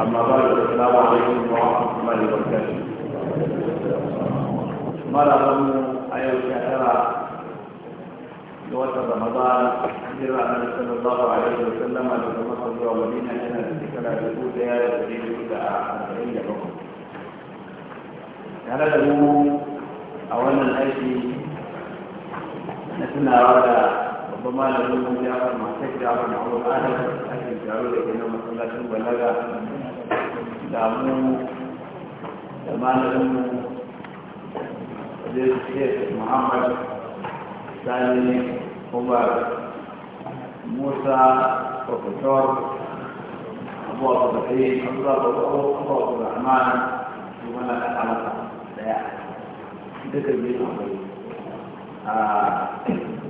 أما بعد السلام عليكم ورحمة الله وبركاته ما ضمن أيوة شهر لوسط رمضان جرى النبي صلى الله عليه وسلم أن تتمثل بأولين أن تتكلم بقوة يا رسول الله أربعين يوم tare da mu a wannan aiki na tunawa da babban malamin mu ya fara masu jafar na wani adalci ake taro damu da malaminmu da shek muhammad sani umar musa professor abu abu da kai abu abu da abu abu abu da amana su mana da kamata daya duka biyu akwai a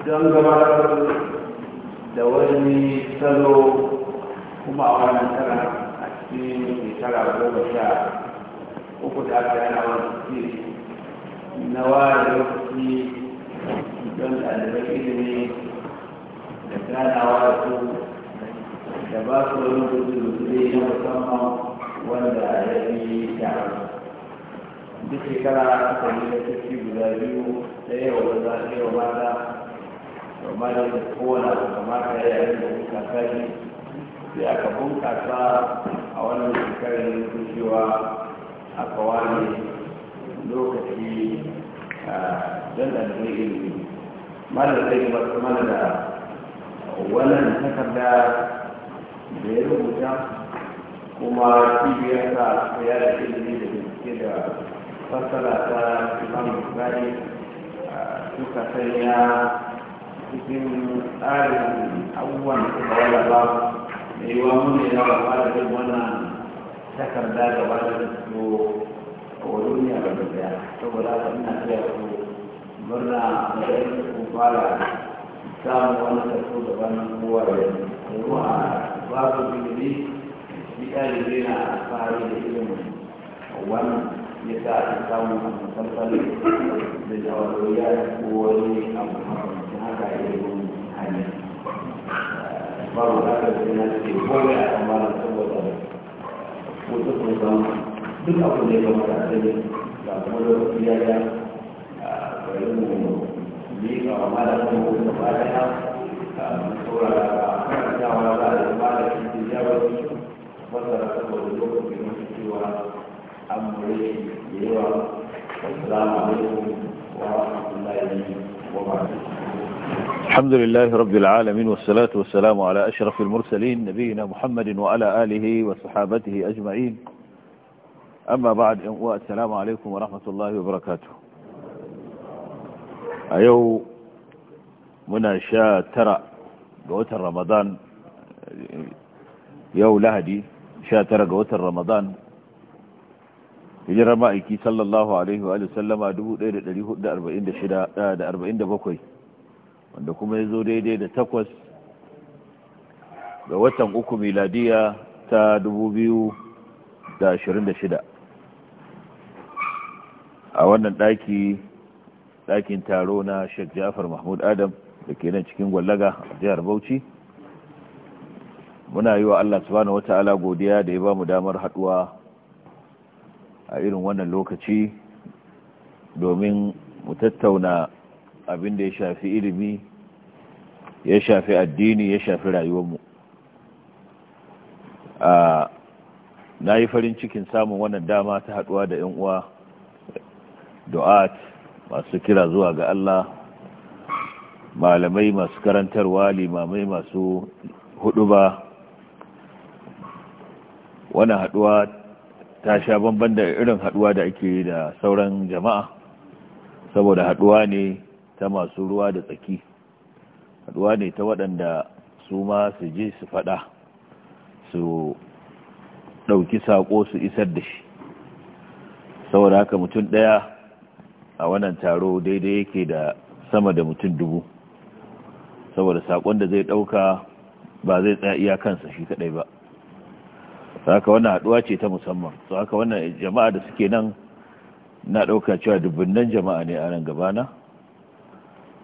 don gabatar da wani salo kuma a wannan karan في شرع بوم الشاعر وقد أبدا أنا والكثير نوال وقتي don ɗalibai ilimi da ganawa su da ba su wani gudu-gudu na musamman wanda ya yi da duk shekara yi da tafi guda biyu da yawa da za a yawa mata da da kamata ya yi da kuka kaji sai aka bunkasa a wannan shekarar cewa aka wani lokaci don da zai ilimi mana zai masu mana da wannan takarda da ya rubuta kuma cibiyar sa ta yada ilimi da bincike da fassara ta imam bukari suka sanya cikin tsarin abubuwan da suka wala mai yiwa mun ya ba da bin wannan takarda da ba da su a wurin ne a gaba daya saboda haka ina tsaye ku murna da yin kubala samun wani tafi da wani kowa da yiwa babu bilili shi ɗalibi na fari da ilimin wannan ya sa a samu a musamman da jawar ya ko wani abu haka ya yi hanyar babu haka sai na ce kome a kan malam saboda mutu sun san duk abu da ya kama da asali ga kuma da wasu yaya a kwayoyin mu ne ga malam saboda da ba da ya saurara a karantawa za a yi malam shi ya wasu masara saboda lokacin masu cewa an mure yawa wasu alaikum wa rahmatullahi الحمد لله رب العالمين والصلاة والسلام على أشرف المرسلين نبينا محمد وعلى آله وصحابته أجمعين أما بعد والسلام عليكم ورحمة الله وبركاته أيو منا شاء ترى قوة رمضان يو لهدي شاء ترى قوة رمضان hijirar ma'aiki sallallahu alaihi wa sallama bakwai wanda kuma ya zo daidai da takwas ga watan uku miladiya ta 2026 a wannan ɗaki ɗakin taro na sheikh jafar mahmud adam da ke nan cikin gwallaga a jihar bauchi muna yi wa allah subhanahu ta'ala godiya da ya ba mu damar haɗuwa a irin wannan lokaci domin mu tattauna abin da ya shafi ilimi ya shafi addini ya shafi rayuwarmu a na yi farin cikin samun wannan dama ta haduwa da yan uwa du'at masu kira zuwa ga Allah malamai masu karantarwa limamai masu huduba wannan haduwa ta sha bamban da irin haduwa da ake da sauran jama'a saboda haduwa ne ta masu ruwa da tsaki haduwa ne ta waɗanda su ma su je su faɗa su ɗauki saƙo su isar da shi saboda haka mutum ɗaya a wannan taro daidai yake da sama da mutum dubu saboda saƙon da zai ɗauka ba zai tsaya iya kansa shi kaɗai ba haka wannan haduwa ce ta musamman to haka wannan jama'a da suke nan na dauka cewa dubunnan jama'a ne a nan gabana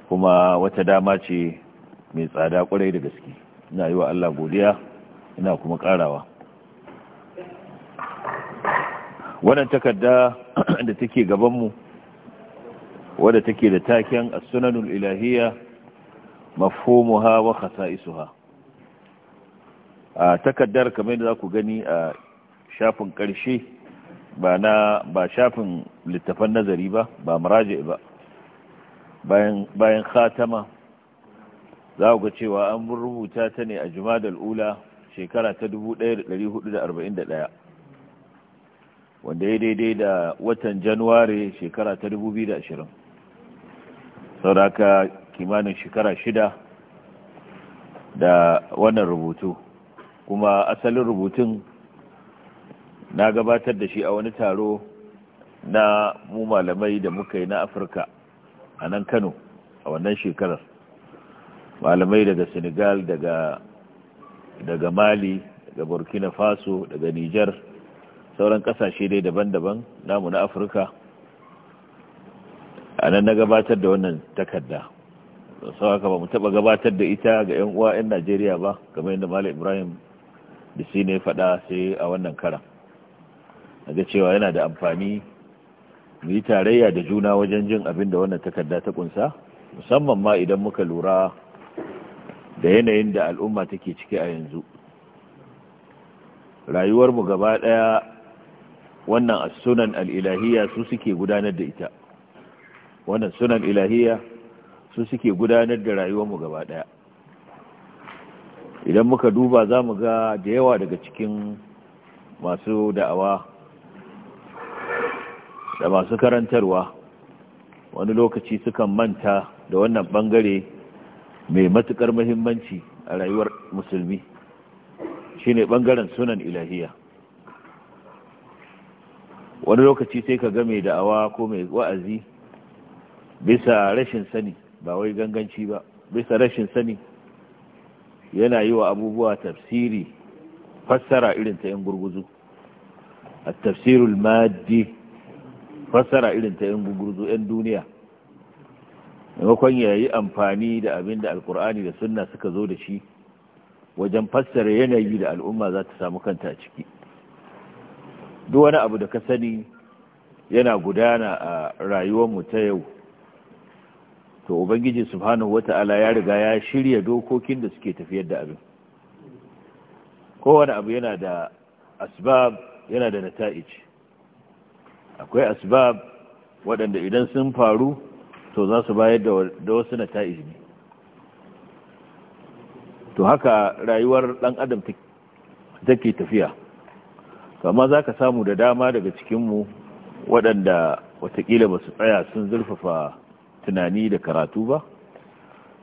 kuma wata dama ce mai tsada kwarai da gaske ina yi wa Allah godiya ina kuma karawa wannan takarda da take gabanmu wadda take da taken as-sunanul ilahiyya mafhumuha wa khasa'isuha a takaddar kamar da za ku gani a shafin karshe ba na ba shafin littafan nazari ba ba muraje ba bayan khatama za ku ga cewa an rubuta ta ne a jumadal ula shekara ta 1441 wanda ya daidai da watan januware shekara ta 2020 sauraka kimanin shekara shida da wannan rubutu kuma asalin rubutun na gabatar da shi a wani taro na mu malamai da muka yi na afirka a nan kano a wannan shekarar malamai daga senegal daga daga mali daga burkina faso daga niger sauran kasashe dai daban-daban namu na afirka a nan na gabatar da wannan takarda sau haka ba mu taba gabatar da ita ga 'yan uwa 'yan najeriya ba kamar yadda malam ibrahim da shi ne faɗa sai a wannan karan daga cewa yana da amfani mu yi tarayya da juna wajen jin abin da wannan takarda ta kunsa musamman ma idan muka lura da yanayin da al'umma take ciki a yanzu rayuwarmu gaba daya wannan sunan al su suke gudanar da ita wannan sunan ilahiyya su suke gudanar da rayuwarmu gaba daya. idan muka duba za mu ga da yawa daga cikin masu da'awa da masu karantarwa wani lokaci sukan manta da wannan bangare mai matukar muhimmanci a rayuwar musulmi shine bangaren sunan ilahiya wani lokaci sai ka ga mai da'awa ko mai wa'azi bisa rashin sani ba wai ganganci ba bisa rashin sani yana yi wa abubuwa tafsiri fassara irin ta 'yan gurguzu a tafsirul maji fassara irin ta 'yan gurguzu 'yan duniya maimakon ya yi amfani da abin da alkur'ani da sunna suka zo da shi wajen fassara yanayi da al'umma za ta samu kanta a ciki duk wani abu da ka sani yana gudana a rayuwar mu ta yau to ubangiji subhanahu wata'ala ya riga ya shirya dokokin da suke tafiyar da abin kowane abu yana da asbab yana da nata'ij akwai asbab waɗanda idan sun faru to za su bayar da wasu nata'ij ne to haka rayuwar ɗan adam take tafiya kama za ka samu da dama daga cikinmu waɗanda watakila ba su tsaya sun zurfafa tunani da karatu ba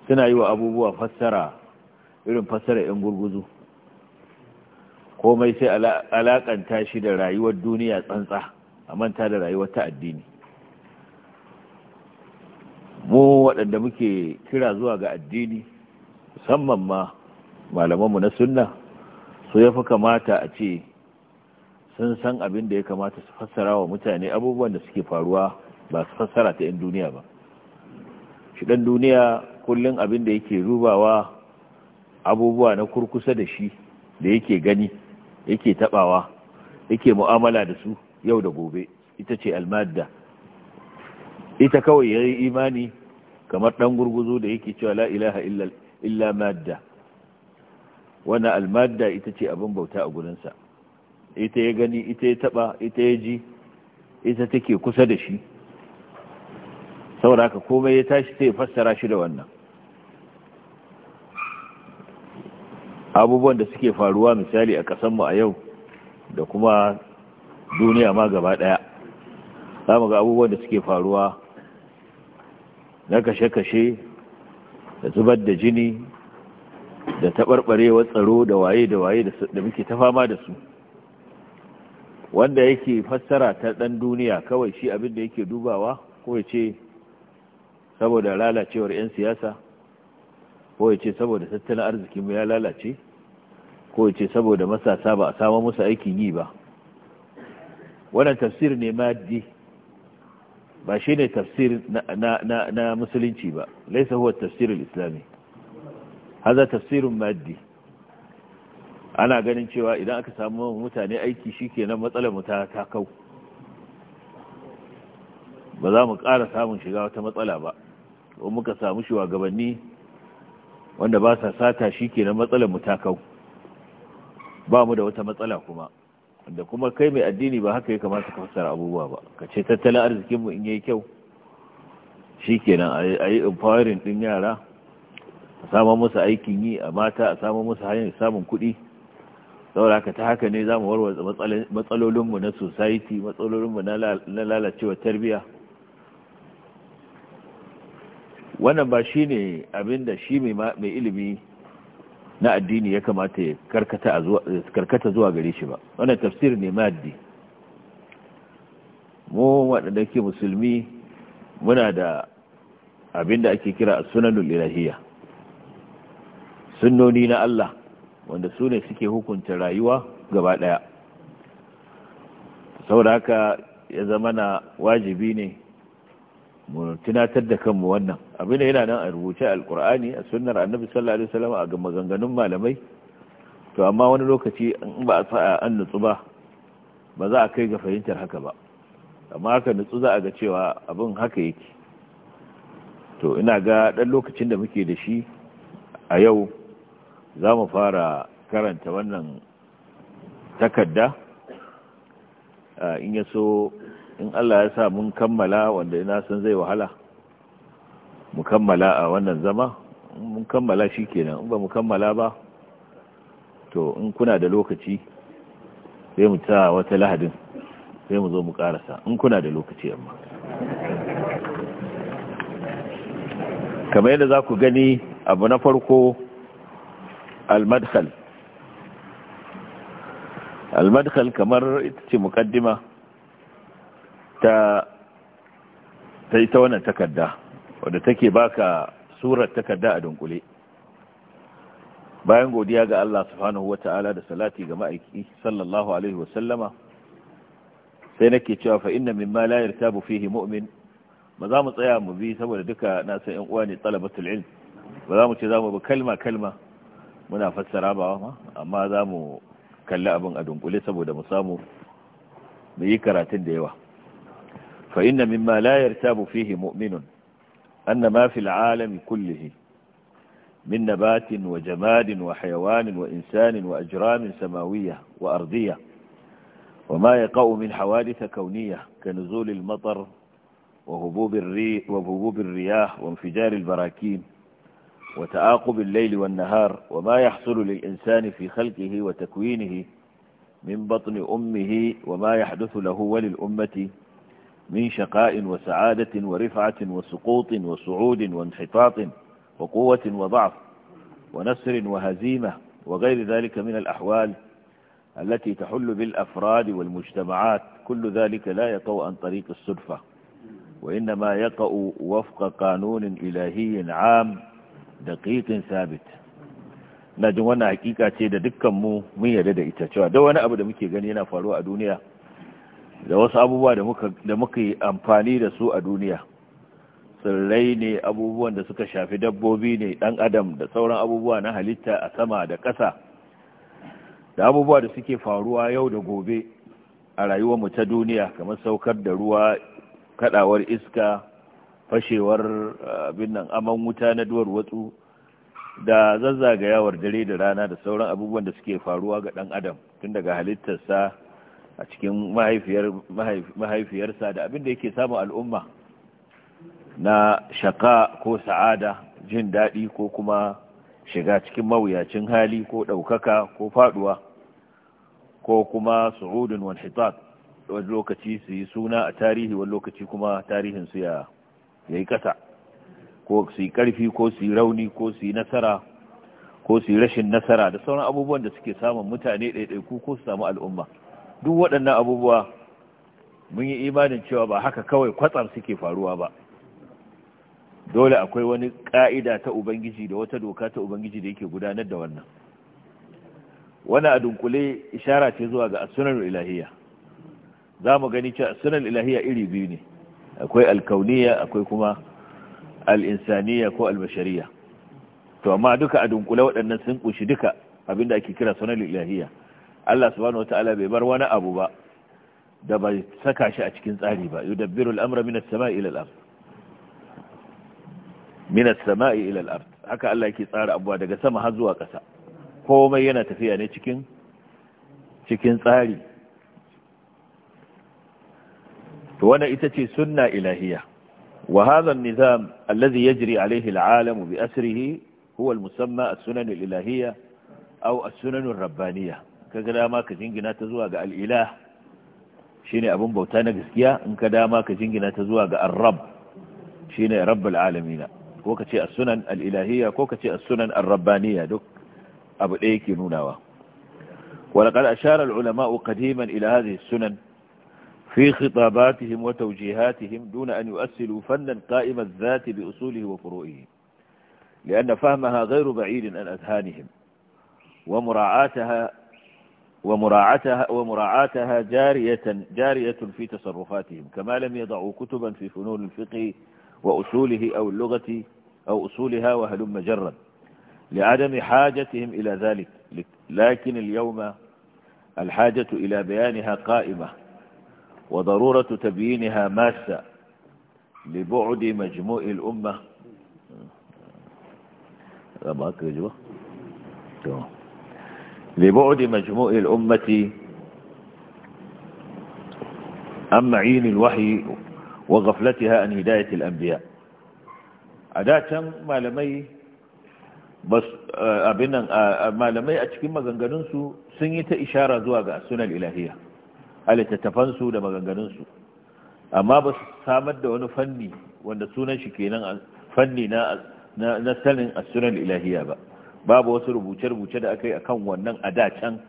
suna yi wa abubuwa fassara irin fassara 'yan gurguzu komai sai alakanta shi da rayuwar duniya tsantsa a manta da rayuwar ta addini mu waɗanda muke kira zuwa ga addini musamman ma malamanmu na sunna su ya fi kamata a ce sun san abin da ya kamata su fassara wa mutane abubuwan da suke faruwa ba su fassara ta 'yan duniya ba shi duniya kullum abin da yake rubawa abubuwa na kurkusa da shi da yake gani yake tabawa yake mu'amala da su yau da gobe ita ce almadda ita kawai ya yi imani kamar ɗan gurguzo da yake cewa la ilaha illa madda wani almadda ita ce abin bauta a gurinsa ita ya gani ita ya taba ita ya ji ita take kusa da shi saboda haka komai ya tashi sai fassara shi da wannan abubuwan da suke faruwa misali a kasanmu a yau da kuma duniya ma gaba daya za mu ga abubuwan da suke faruwa na kashe-kashe da zubar da jini da taɓarɓarewar tsaro da waye da waye da muke ta fama da su wanda yake fassara ta ɗan duniya kawai shi abin da yake dubawa ko ya ce saboda lalacewar 'yan siyasa ko ya ce saboda tattalin arzikin ya lalace ko ya ce saboda masasa ba a samu musu aikin yi ba wannan tafsir ne maddi ba shi ne tafsir na musulunci ba laisa huwa tafsirin islami haza tafsirin maddi ana ganin cewa idan aka samu mutane aiki shi kenan matsalar mu ta kau ba za mu ƙara samun shiga wata matsala ba to muka samu shugabanni wanda ba sa sata shi matsalar mu ta kau ba mu da wata matsala kuma da kuma kai mai addini ba haka ya kamata ka fassara abubuwa ba ka ce tattalin arzikinmu in yi kyau shi ke nan a yi empowering din yara a samun musu aikin yi a mata a samun musu hanyar samun kuɗi sauraka ta haka ne za mu warware matsalolinmu na society matsalolinmu na lalacewar tarbiyya wannan ba shi ne abin da shi mai ilimi na addini ya kamata ya karkata zuwa gare shi ba wannan tafsir ne maddi mu waɗanda ke musulmi muna da abin da ake kira a sunan ilahiyya sunnoni na Allah wanda su ne suke hukunta rayuwa gaba ɗaya saboda haka ya zama na wajibi ne mu tunatar da kanmu wannan abin da yana nan a rubuce alkur'ani a sunnar annabi sallallahu alaihi wasallam a ga maganganun malamai to amma wani lokaci in ba a tsaya an nutsu ba ba za a kai ga fahimtar haka ba amma haka nutsu za a ga cewa abin haka yake to ina ga dan lokacin da muke da shi a yau za mu fara karanta wannan takarda in ya so in Allah ya sa mun kammala wanda ina san zai wahala mu kammala a wannan zama mun kammala shi kenan in ba mu kammala ba to in kuna da lokaci sai mu ta wata lahadin sai mu zo mu karasa in kuna da lokaci amma kamar yadda za ku gani abu na farko al-madkhal al-madkhal kamar ita ce mukaddima ta ta yi ta wannan takarda wadda take baka surar takarda a dunkule bayan godiya ga Allah subhanahu wata'ala da salati ga ma'aiki sallallahu alaihi wa sallama, sai nake cewa fa inna mimma la yartabu fihi mu'min ba za mu tsaya mu bi saboda duka na san ƴan uwa ne talabatul ilm ba za mu ce za mu bi kalma kalma muna fassara ba ma amma za mu kalli abin a dunkule saboda mu samu mu yi karatun da yawa فإن مما لا يرتاب فيه مؤمن أن ما في العالم كله من نبات وجماد وحيوان وإنسان وأجرام سماوية وأرضية وما يقع من حوادث كونية كنزول المطر وهبوب, الري وهبوب الرياح وانفجار البراكين وتآقب الليل والنهار وما يحصل للإنسان في خلقه وتكوينه من بطن أمه وما يحدث له وللأمة من شقاء وسعادة ورفعة وسقوط وصعود وانحطاط وقوة وضعف ونسر وهزيمة وغير ذلك من الأحوال التي تحل بالأفراد والمجتمعات كل ذلك لا يقع عن طريق الصدفة وإنما يقع وفق قانون إلهي عام دقيق ثابت na حقيقة تيدا دكا مو مية dukkanmu mun yarda da ita cewa da wani abu da muke gani yana da wasu abubuwa da muka yi amfani da su a duniya tsirrai ne abubuwan da suka shafi dabbobi ne ɗan adam da sauran abubuwa na halitta a sama da ƙasa da abubuwa da suke faruwa yau da gobe a rayuwar mu ta duniya kamar saukar da ruwa kadawar iska fashewar eh, abin nan aman wuta na duwar watsu da zazzagayawar dare da rana da sauran abubuwan da suke faruwa ga ɗan adam tun daga halittarsa a cikin mahaifiyarsa da abin da yake samun al'umma na shaka ko sa'ada jin daɗi ko kuma shiga cikin mawuyacin hali ko ɗaukaka ko faɗuwa ko kuma su'udun wani hitab wani lokaci su yi suna a tarihi wani lokaci kuma tarihinsu ya yi ƙasa ko su yi ƙarfi ko su yi rauni ko su yi nasara ko su yi rashin nasara da sauran abubuwan da suke samun mutane ɗaiɗaiku ko su samu al'umma duk waɗannan abubuwa mun yi imanin cewa ba haka kawai kwatsam suke faruwa ba dole akwai wani ƙa'ida ta ubangiji da wata doka ta ubangiji da yake gudanar da wannan wani a dunkule ishara ce zuwa ga asunan ilahiyya za mu gani cewa asunan ilahiyya iri biyu ne akwai alkauniya akwai kuma al'insaniya ko albashariya to amma duka a dunkule waɗannan sun ƙunshi duka abinda ake kira sunan ilahiyya Allah subhanahu wataala bai bar wani abu ba da bai saka shi a cikin tsari ba yudabbiru al'amra minas sama'i ila al minas sama'i ila al haka Allah yake tsara abuwa daga sama har zuwa ƙasa komai yana tafiya ne cikin cikin tsari to wannan ita ce sunna ilahiya wa hadha an-nizam alladhi yajri alayhi al-alam bi asrihi huwa al-musamma as-sunan al-ilahiyya aw as-sunan ar-rabbaniyya ka ga dama ka jingina ta zuwa ga al'ilah shine abin bauta na gaskiya in ka dama ka jingina ta zuwa ga arrab shine rabbul alamina ko ka ce as-sunan al-ilahiyya ko ka ce as-sunan ar-rabbaniyya duk abu ɗaya yake nunawa ashara ولقد أشار sunan fi khitabatihim wa tawjihatihim في an yu'assilu fannan أن يؤسلوا فنا قائم الذات بأصوله وفروعه لأن فهمها غير بعيد عن أذهانهم ومراعاتها ومراعاتها, ومراعاتها جارية, جارية في تصرفاتهم كما لم يضعوا كتبا في فنون الفقه وأصوله أو اللغة أو أصولها وهلم جرا لعدم حاجتهم إلى ذلك لكن اليوم الحاجة إلى بيانها قائمة وضرورة تبيينها ماسة لبعد مجموع الأمة لا ما أكرجوه تمام لبعد مجموع الأمة عن معين الوحي وغفلتها عن هداية الأنبياء أداة ما لمي بس آه، أبنى آه، ما لمي أتكلم مغنغنونسو سنية إشارة زواغ السنة الإلهية ألي تتفنسو لمغنغنونسو أما بس سامد وأنه فني وأن السنة شكينا فني نا, نا, السنة الإلهية بقى babu wasu rubuce-rubuce da aka yi a kan wannan a da can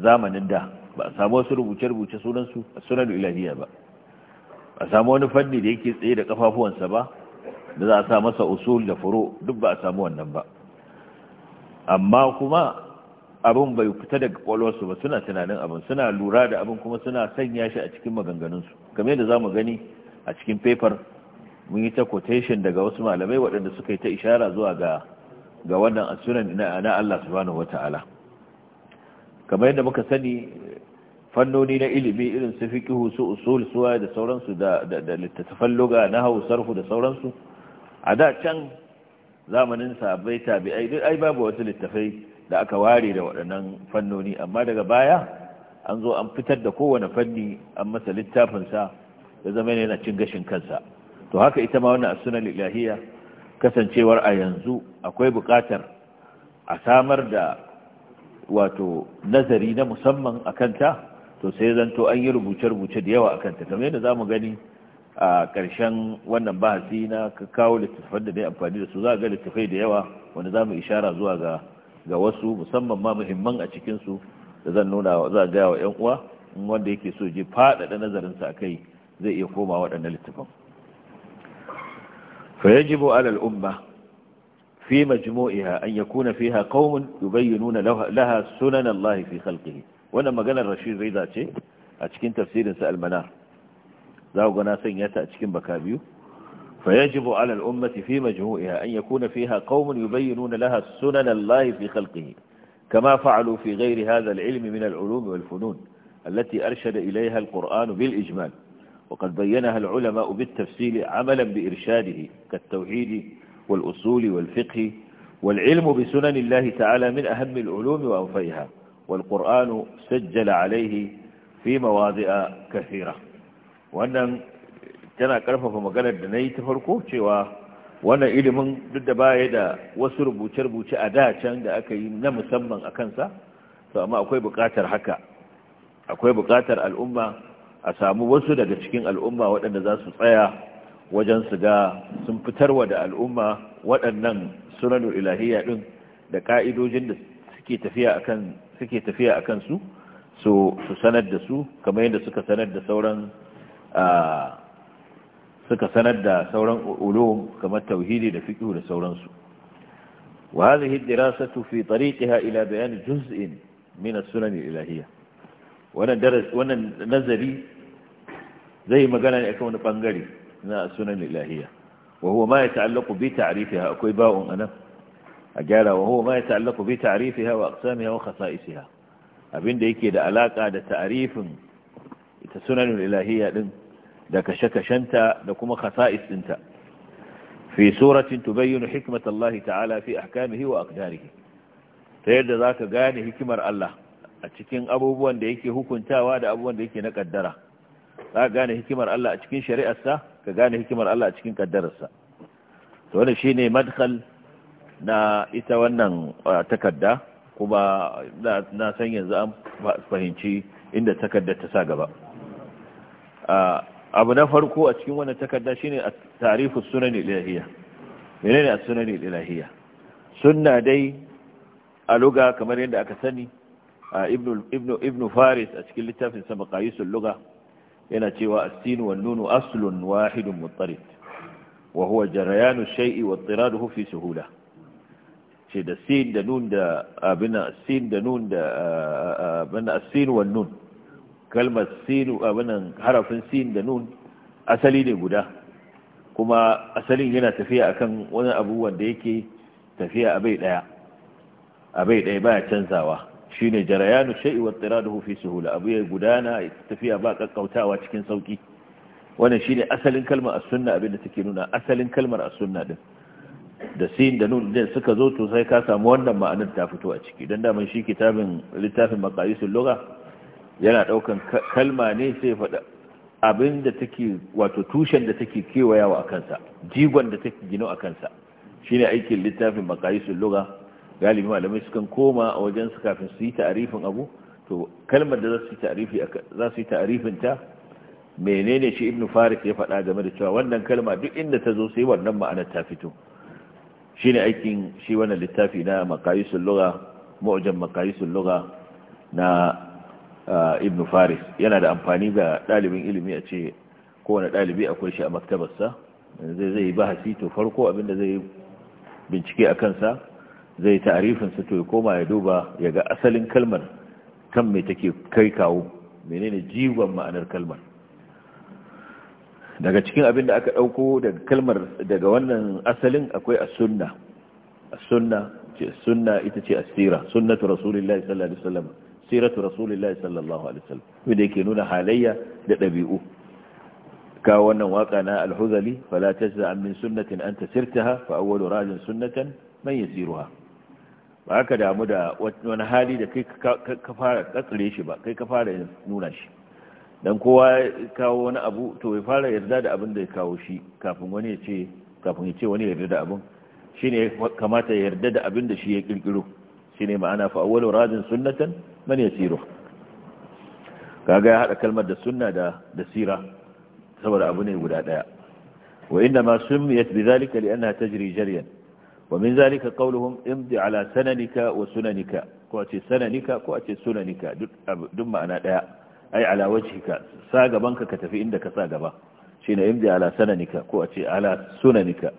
zamanin da ba a samu wasu rubuce-rubuce sunansu a sunan ilahiyya ba a samu wani fanni da yake tsaye da kafafuwansa ba da za a sa masa usul da furo duk ba a samu wannan ba amma kuma abin bai fita daga kwalwarsu ba suna tunanin abin suna lura da abin kuma suna sanya shi a cikin maganganunsu game da za mu gani a cikin paper mun yi ta quotation daga wasu malamai waɗanda suka yi ta ishara zuwa ga ga wannan asunan na Allah subhanahu wata'ala kamar yadda muka sani fannoni na ilimi irin su fiqhu su usul suwa da sauransu da da littattafan lugha na hausarfu da sauransu a da can zamanin sahabbai tabi'ai duk ai babu wasu littafai da aka ware da waɗannan fannoni amma daga baya an zo an fitar da kowane fanni an masa sa ya zama yana cin gashin kansa to haka ita ma wannan asunan ilahiyya kasancewar a yanzu akwai buƙatar a samar da wato nazari na musamman a kanta to sai zanto an yi rubuce-rubuce da yawa a kanta kamar yadda za mu gani a ƙarshen wannan bahasi na kawo littattafan da na amfani da su za a ga littattafai da yawa wanda za mu ishara zuwa ga ga wasu musamman ma muhimman a cikinsu da zan nuna za a gaya wa 'yan uwa wanda yake so je faɗaɗa nazarinsa a kai zai iya koma waɗannan littattafan فيجب على الأمة في مجموعها أن يكون فيها قوم يبينون لها سنن الله في خلقه وانا ما قال الرشيد رضا تشي اتشكين تفسير انساء المنار ذاو قناسين يتا اتشكين بكابيو فيجب على الأمة في مجموعها أن يكون فيها قوم يبينون لها سنن الله في خلقه كما فعلوا في غير هذا العلم من العلوم والفنون التي أرشد إليها القرآن بالإجمال وقد بينها العلماء بالتفصيل عملا بإرشاده كالتوحيد والأصول والفقه والعلم بسنن الله تعالى من أهم العلوم وأوفيها والقرآن سجل عليه في مواضع كثيرة وأن كان أكرفه مقالة دنيا تفركوه وأن من ضد بايدا وسرب وشرب وشأداة شاند أكي نمسمن أكنسا فأما أكوي بقاتر حكا أكوي بقاتر الأمة a samu wasu daga cikin al'umma waɗanda za su tsaya wajen su ga sun fitarwa da al'umma waɗannan sunanul ilahiyya ɗin da ƙa'idojin da suke tafiya a kansu su sanar da su kamar yadda suka sanar da sauran suka sanar da sauran ulum kamar tauhidi da fiqh da sauransu wa hadhihi ad-dirasatu fi tariqiha ila bayan juz'in min as-sunan al-ilahiyya wannan nazari zai yi magana ne akan wani bangare na sunan ilahiyya wa huwa ma ta'allaku bi ta'rifiha akwai ba'un anan a gyara wa huwa ma ta'allaku bi ta'rifiha wa aqsamiha wa khasa'isiha abinda yake da alaka da ta'rifin ita sunan ilahiyya din da kashe-kashenta da kuma khasa'is dinta fi suratin tubayyinu hikmat Allah ta'ala fi ahkamihi wa aqdarihi ta yadda zaka gane hikimar Allah a cikin abubuwan da yake hukuntawa da abubuwan da yake na kaddara za ka gane hikimar Allah a cikin shari'arsa ka gane hikimar Allah a cikin kaddararsa to wannan shine madkhal na ita wannan takarda kuma na san yanzu an fahimci inda takarda ta sa gaba abu na farko a cikin wannan takarda shine tarifu sunani ilahiyya menene sunani ilahiyya sunna dai a luga kamar yadda aka sani ibnu ibnu ibnu faris a cikin littafin sa maqayisul luga yana cewa astinu wa nunu aslun wahidun mutarit wa huwa jarayanu shay'i wa tiraduhu fi suhula ce da sin da nun da abin sin da nun da abin as wa nun kalmar sin abin harafin sin da nun asali ne guda kuma asalin yana tafiya akan wani abu wanda yake tafiya a bai daya a bai daya baya canzawa shine jarayanu shay'i wa tiraduhu fi suhula abu ya gudana tafiya ba kakkautawa cikin sauki wannan shine asalin kalmar as-sunna abinda take nuna asalin kalmar as-sunna din da sin da nun din suka zo to sai ka samu wannan ma'anar ta fito a ciki dan daman shi kitabin littafin maqayisul lugha yana daukan kalma ne sai faɗa abinda take wato tushen da take kewayawa akan sa jigon da take gino akan sa shine aikin littafin maqayisul lugha galibi malamai sukan koma a wajen su kafin su yi ta'arifin abu to kalmar da za su yi ta'arifin ta menene shi ibnu faris ya faɗa game da cewa wannan kalma duk inda ta zo sai wannan ma'anar ta fito shine aikin shi wannan littafi na maqayisul lugha mu'jam maqayisul lugha na uh, ibnu faris yana da amfani ga dalibin ilimi a ce kowane dalibi akwai shi a maktabarsa zai zai bahasi to farko abinda zai bincike a kansa zai ta'arifin su to ya koma ya duba ya ga asalin kalmar kan mai take kai kawo menene jiwon ma'anar kalmar daga cikin abin da aka ɗauko daga kalmar daga wannan asalin akwai as-sunna as-sunna ce sunna ita ce as-sira sunnatu rasulillahi sallallahu alaihi wasallam siratu rasulillahi sallallahu alaihi wasallam wanda yake nuna halayya da ɗabi'u ka wannan waka na al-huzali fala tajza min sunnatin anta sirtaha fa awwalu rajin sunnatan man yasiruha ba ka damu da wani hali da kai ka fara katsire shi ba kai ka fara nuna shi don kowa kawo wani abu to ya fara yarda da abin da ya kawo shi kafin wani ya ce kafin ya ce wani yarda da abin shi ne kamata ya yarda da abin da shi ya kirkiro ne ma'ana fa awwalu radin sunnatan man yasiru kaga ya hada kalmar da sunna da da sira saboda abu ne guda daya wa inna ma summiyat bidhalika li'annaha tajri jariyan wa min zalika qawluhum imdi ala sananika wa sunanika ko ce sananika ko ce sunanika duk ma'ana daya ai ala wajhika sa gaban ka tafi inda ka sa gaba shine imdi ala sananika ko ce ala sunanika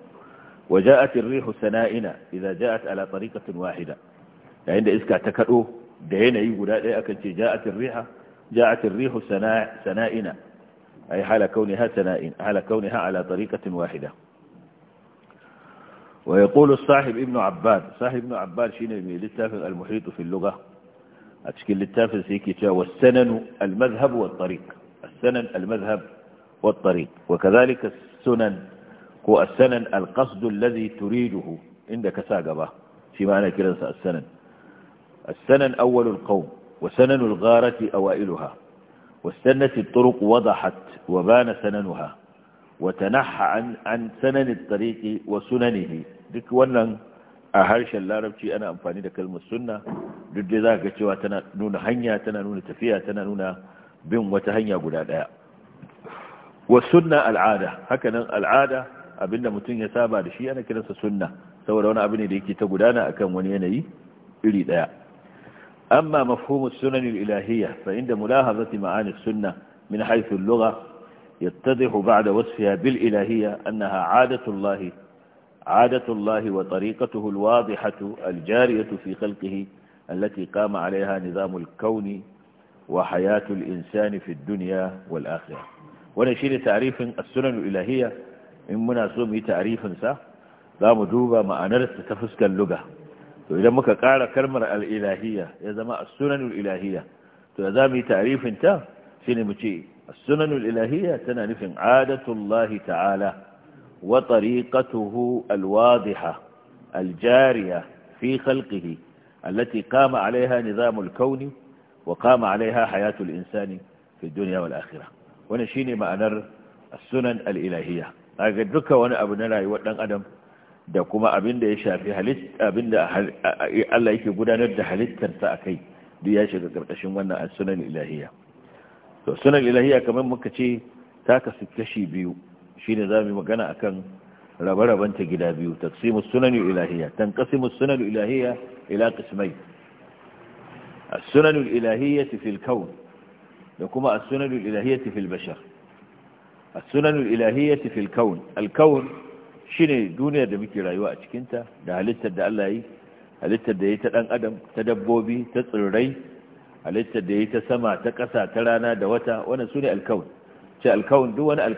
wa ja'at ar-rihu sana'ina idza ja'at ala tariqatin wahida yayin da iska ta kado da yanayi guda daya akan ce ja'at ar-riha ja'at ar-rihu sana'ina ai hala kauniha sana'in hala kauniha ala tariqatin wahida ويقول الصاحب ابن عباد صاحب ابن عباد شنو من للتافل المحيط في اللغة أتشكل للتافل كتاب والسنن المذهب والطريق السنن المذهب والطريق وكذلك السنن هو السنن القصد الذي تريده عندك ساقبة في معنى كلمه السنن السنن أول القوم وسنن الغارة أوائلها واستنت الطرق وضحت وبان سننها وتنحى عن, عن سنن الطريق وسننه duk wannan a harshen larabci ana amfani da kalmar sunna duk dai za ga cewa tana nuna hanya tana nuna tafiya tana nuna bin wata hanya guda daya wa sunna al'ada hakanan al'ada abinda mutum ya saba da shi ana kiransa sunna saboda wani abu ne da yake ta gudana akan wani yanayi iri daya amma mafhumus sunan ilahiyya fa inda mulahazati ma'ani sunna min haythu al-lugha yattadhihu ba'da wasfiha bil ilahiyya annaha 'adatu Allah عادة الله وطريقته الواضحة الجارية في خلقه التي قام عليها نظام الكون وحياة الإنسان في الدنيا والآخرة ونشير تعريف السنن الإلهية إن مناسوم تعريف سا لا مدوبة ما أنرس تفسك اللغة وإذا مك قال كرمر الإلهية إذا ما السنن الإلهية فإذا ما تعريف تا سنمتي السنن الإلهية تنعرف عادة الله تعالى وطريقته الواضحة الجارية في خلقه التي قام عليها نظام الكون وقام عليها حياة الإنسان في الدنيا والآخرة ونشيني ما أنر السنن الإلهية ل إ ل وانا ابن الله و ادم دكما ابن ديشا في هلس ابن الله يكبر ند هلس تنسى اكيد ديشا كرتشم وانا السنن الإلهية السنن الإلهية ل إ ل ه ي ة كمان مكتشي تاكس الكشي بيو ne za mu yi magana akan rabe-raben ta gida biyu taqsimus sunani ilahiyya tanqasimus sunanu ilahiyya ila qismay as-sunanu ilahiyya fil kawn da kuma a sunanu ilahiyya fil bashar a sunanu ilahiyya fil kawn al shi ne duniyar da muke rayuwa a cikinta da halittar da Allah yi halittar da ya ta dan adam ta dabbobi ta tsirrai halittar da ya ta sama ta ƙasa ta rana da wata wannan sune al-kawn ce al-kawn duk wani al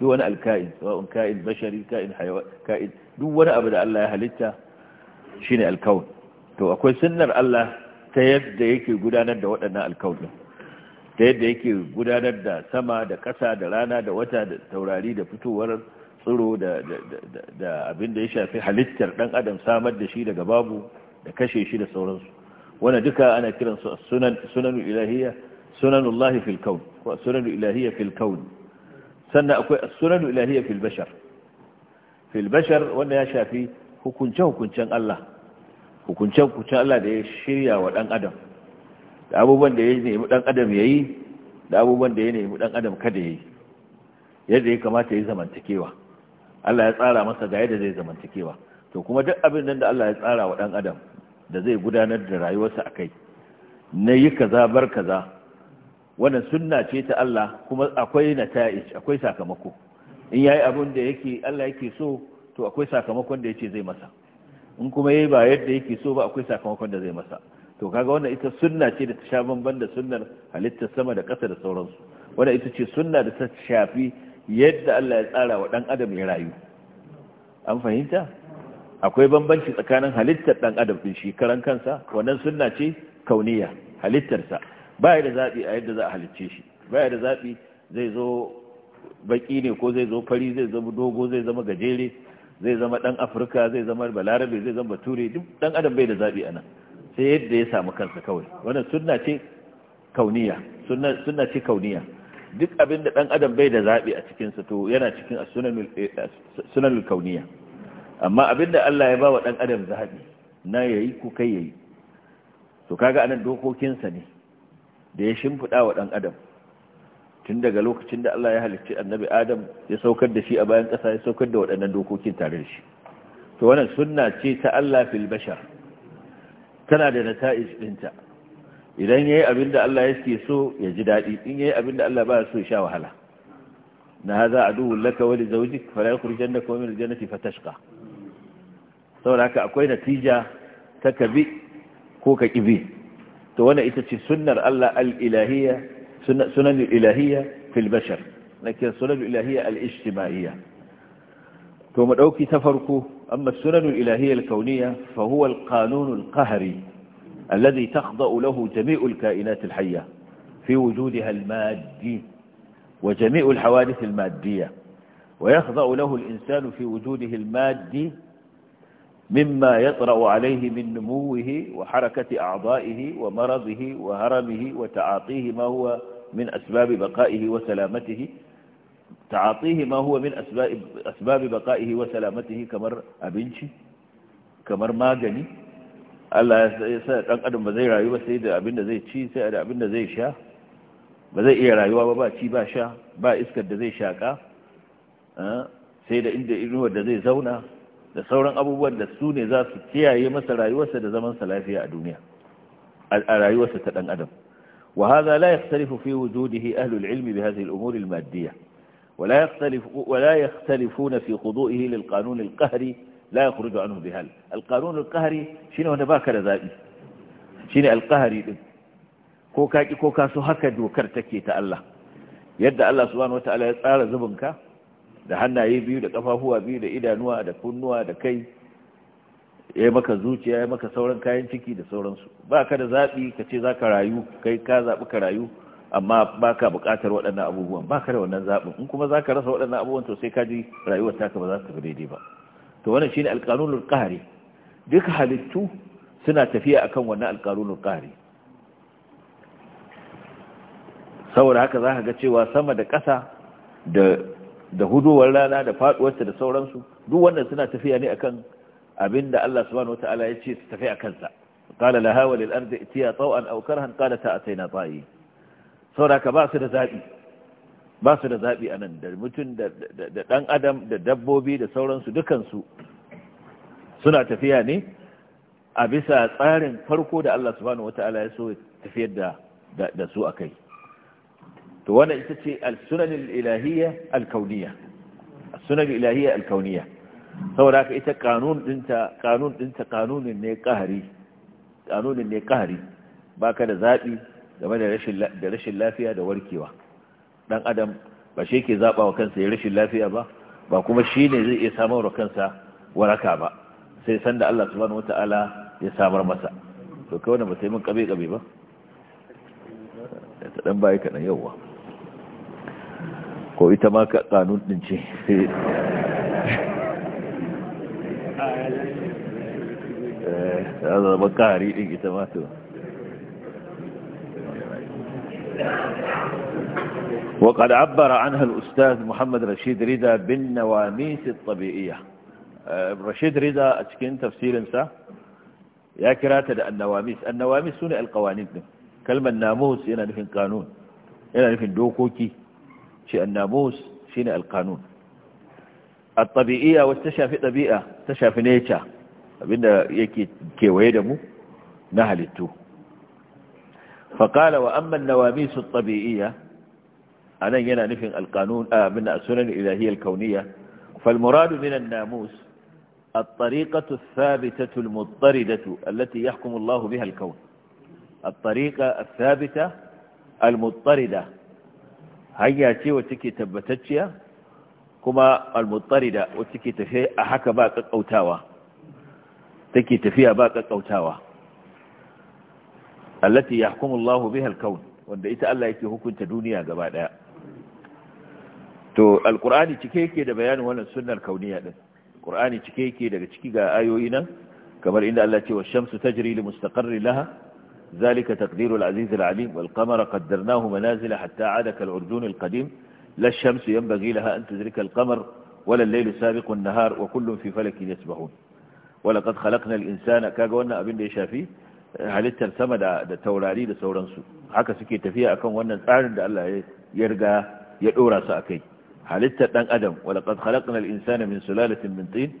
duk wani alka'in sawa'un ka'in bashari ka'in hayawa ka'in duk wani abu da Allah ya halitta shine alkaun to akwai sunnar Allah ta yadda yake gudanar da waɗannan alkaun ta yadda yake gudanar da sama da ƙasa da rana da wata da taurari da fitowar tsiro da abin da ya shafi halittar dan adam samar da shi daga babu da kashe shi da sauransu wanda duka ana kiransu sunan sunanul ilahiyya sunanullahi fil kaun sunanul ilahiyya fil kaun sannan akwai as-sunanu ilahiyya fil bashar fil bashar wanda ya shafi hukunce hukuncen Allah hukunce hukuncen Allah da ya shirya wa dan adam da abubuwan da ya nemi dan adam yayi da abubuwan da ya nemi dan adam kada yayi yadda ya kamata ya zamantakewa Allah ya tsara masa ga yadda zai zamantakewa to kuma duk abin nan da Allah ya tsara wa dan adam da zai gudanar da rayuwarsa akai na yi kaza bar kaza wannan sunna ce ta Allah kuma akwai nata'ij akwai sakamako in yayi abun da yake Allah yake so to akwai sakamakon da yake zai masa in kuma yayi ba yadda yake so ba akwai sakamakon da zai masa to kaga wannan ita sunna ce da ta sha bamban da sunnar halittar sama da ƙasa da sauransu wannan ita ce sunna da ta shafi yadda Allah ya tsara wa dan adam ya rayu an fahimta akwai bambanci tsakanin halittar dan adam din shi karan kansa wannan sunna ce kauniya halittarsa ba da zaɓi a yadda za a halicce shi ba da zaɓi zai zo baki ne ko zai zo fari zai zama dogo zai zama gajere zai zama ɗan afirka zai zama balarabe zai zama bature duk ɗan adam bai da zaɓi a nan sai yadda ya samu kansa kawai wannan suna ce kauniya suna ce kauniya duk abin da ɗan adam bai da zaɓi a cikinsa to yana cikin sunan eh, kauniya amma abin da Allah ya ba wa ɗan adam zaɓi na yayi ko kai yayi to kaga anan dokokinsa ne da ya shimfiɗa wa ɗan adam tun daga lokacin da Allah ya halicci annabi adam ya saukar da shi a bayan ƙasa ya saukar da waɗannan dokokin tare da shi to wannan sunna ce ta Allah fil bashar tana da nata'ij ɗinta idan yayi abin da Allah yake so ya ji daɗi in yayi abin da Allah ba so ya sha wahala na haza adu laka wa li zawjik fala yukhrijannaka min al-jannati fatashqa saboda haka akwai natija ta kabi ko ka kibi to wannan ita ce sunnar Allah al-ilahiyya sunan al-ilahiyya fil bashar nake sunan al-ilahiyya al-ijtimaiyya to mu dauki ta farko amma sunan al-ilahiyya al-kauniyya fa huwa al-qanun al-qahri الذي تخضأ له جميع الكائنات الحية في وجودها المادي وجميع الحوادث المادية ويخضأ له الإنسان في وجوده المادي مما يطرأ عليه من نموه وحركة أعضائه ومرضه وهرمه وتعاطيه ما هو من أسباب بقائه وسلامته تعاطيه ما هو من أسباب اسباب بقائه وسلامته كمر أبنشي كمر الله ماجني ألا أدم بذي رأيوه سيد أبن زي تشي سيد أبن زي شا بذي إيه رأيوه وبا تشي با شا با إسكد ذي شاكا آه، سيد إنه ذي زونه da sauran abubuwan da su ne za su kiyaye masa rayuwarsa da zamansa lafiya a duniya a rayuwarsa ta ɗan adam وهذا لا يختلف في وجوده أهل العلم بهذه الأمور المادية ولا, يختلف ولا يختلفون في خضوئه للقانون القهري لا يخرج عنه بهل القانون القهري شنو هنا باكر ذائي شنو القهري دم كوكا كوكا سو هكا دوكر تكي تألا يد الله سبحانه وتعالى يتعالى زبنك da hannaye biyu da kafafuwa biyu da idanuwa da kunnuwa da kai ya maka zuciya ya maka sauran kayan ciki da sauransu ba ka da zaɓi ka ce za ka rayu kai ka zaɓi ka rayu amma ba ka buƙatar waɗannan abubuwan ba ka da wannan zaɓin in kuma za ka rasa waɗannan abubuwan to sai ka ji rayuwar taka ba za su tafi daidai ba to wannan shine alƙalun alƙahari duk halittu suna tafiya akan wannan alƙalun alƙahari saboda haka za ka ga cewa sama da ƙasa da da hudowar rana da faduwarta da sauransu duk wannan suna tafiya ne akan abinda Allah subhanahu wataala ya ce su tafi a kansa qala laha wa lil ardi a taw'an aw karhan qalat atayna ta'i ba su da zabi ba su da zabi anan da mutum da da dan adam da dabbobi da sauransu dukansu suna tafiya ne a bisa tsarin farko da Allah subhanahu wataala ya so tafiyar da da su akai to wannan ita ce al-sunan al-ilahiyya al-kauniyya as-sunan al-ilahiyya al-kauniyya saboda haka ita kanun dinta kanun dinta kanunin ne kahari? kanunin ne qahari baka da zabi game da rashin da rashin lafiya da warkewa dan adam ba shi yake zaba wa kansa ya rashin lafiya ba ba kuma shi ne zai iya samar wa kansa waraka ba sai san da Allah subhanahu wataala ya samar masa to kai wannan ba sai mun kabe kabe ba ta dan bai kadan yawa ko ita ma ka kanun din ce eh, ya zama kari din ita ma to وقد عبر عنها الأستاذ محمد رشيد رضا بالنواميس الطبيعية آه، رشيد رضا أتكين تفسير انسا يا كرات النواميس النواميس سنة القوانين كلمة ناموس إلى في قانون إلى في دوكوكي شيء الناموس شيء القانون الطبيعية والتشاف في طبيعة تشاف في نيتشا بنا يكي كويدمو نهلتو فقال وأما النواميس الطبيعية أنا ينا نفهم القانون آه، من السنن الإلهية الكونية فالمراد من الناموس الطريقة الثابتة المضطردة التي يحكم الله بها الكون الطريقة الثابتة المضطردة hanya ce wacce ke tabbatacciya kuma almuttarida wacce ke tafiya a haka ba kakkautawa take tafiya ba kakkautawa allati yahkumu Allahu biha al-kawn wanda ita Allah yake hukunta duniya gaba daya to alqur'ani cike yake da bayanin wannan sunnar kauniya din qur'ani cike yake daga ciki ga ayoyi nan kamar inda Allah ce wa shamsu tajri li mustaqarri laha ذلك تقدير العزيز العليم والقمر قدرناه منازل حتى عاد كالعرجون القديم لا الشمس ينبغي لها أن تدرك القمر ولا الليل سابق النهار وكل في فلك يسبحون ولقد خلقنا الإنسان كاقوانا أبن دي شافي هل ترسم دا توراري دا سورانسو حكا سكي تفيا أكم وانا تعرض الله يرقى يدورا سأكي هل ترسم أدم ولقد خلقنا الإنسان من سلالة من طين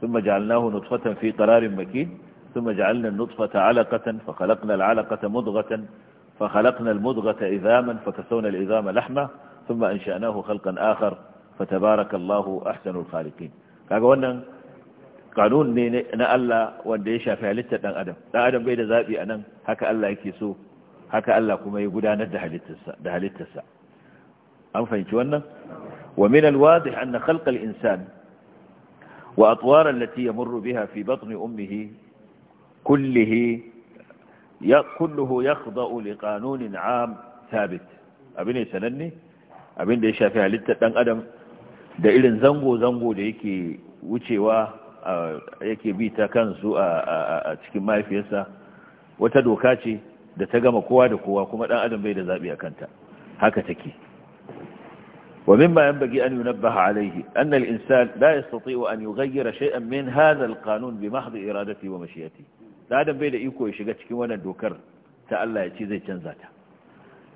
ثم جعلناه نطفة في قرار مكين ثم جعلنا النطفة علقة فخلقنا العلقة مضغة فخلقنا المضغة إذاما فكسونا الإذام لحمة ثم أنشأناه خلقا آخر فتبارك الله أحسن الخالقين فأقول أن قانون نينا ألا وانديشا فهلتة دان أدم دان أدم بيد ذابي أنا هكا ألا يكيسو هكا ألا كما يقولان دهلتة سا أم فانشونا ومن الواضح أن خلق الإنسان وأطوار التي يمر بها في بطن أمه kullihi ya kulluhu yakhda'u li qanunin 'am thabit abin sananne abin da ya shafi halittar ɗan adam da irin zango zango da yake wucewa yake bi ta kansu a cikin mahaifiyarsa wata doka ce da ta gama kowa da kowa kuma ɗan adam bai da zaɓi a kanta haka take ومما ينبغي أن ينبه عليه أن الإنسان لا يستطيع أن يغير شيئا من هذا القانون بمحض wa ومشيئته da adam bai da iko ya shiga cikin wannan dokar ta Allah ya ce zai canza ta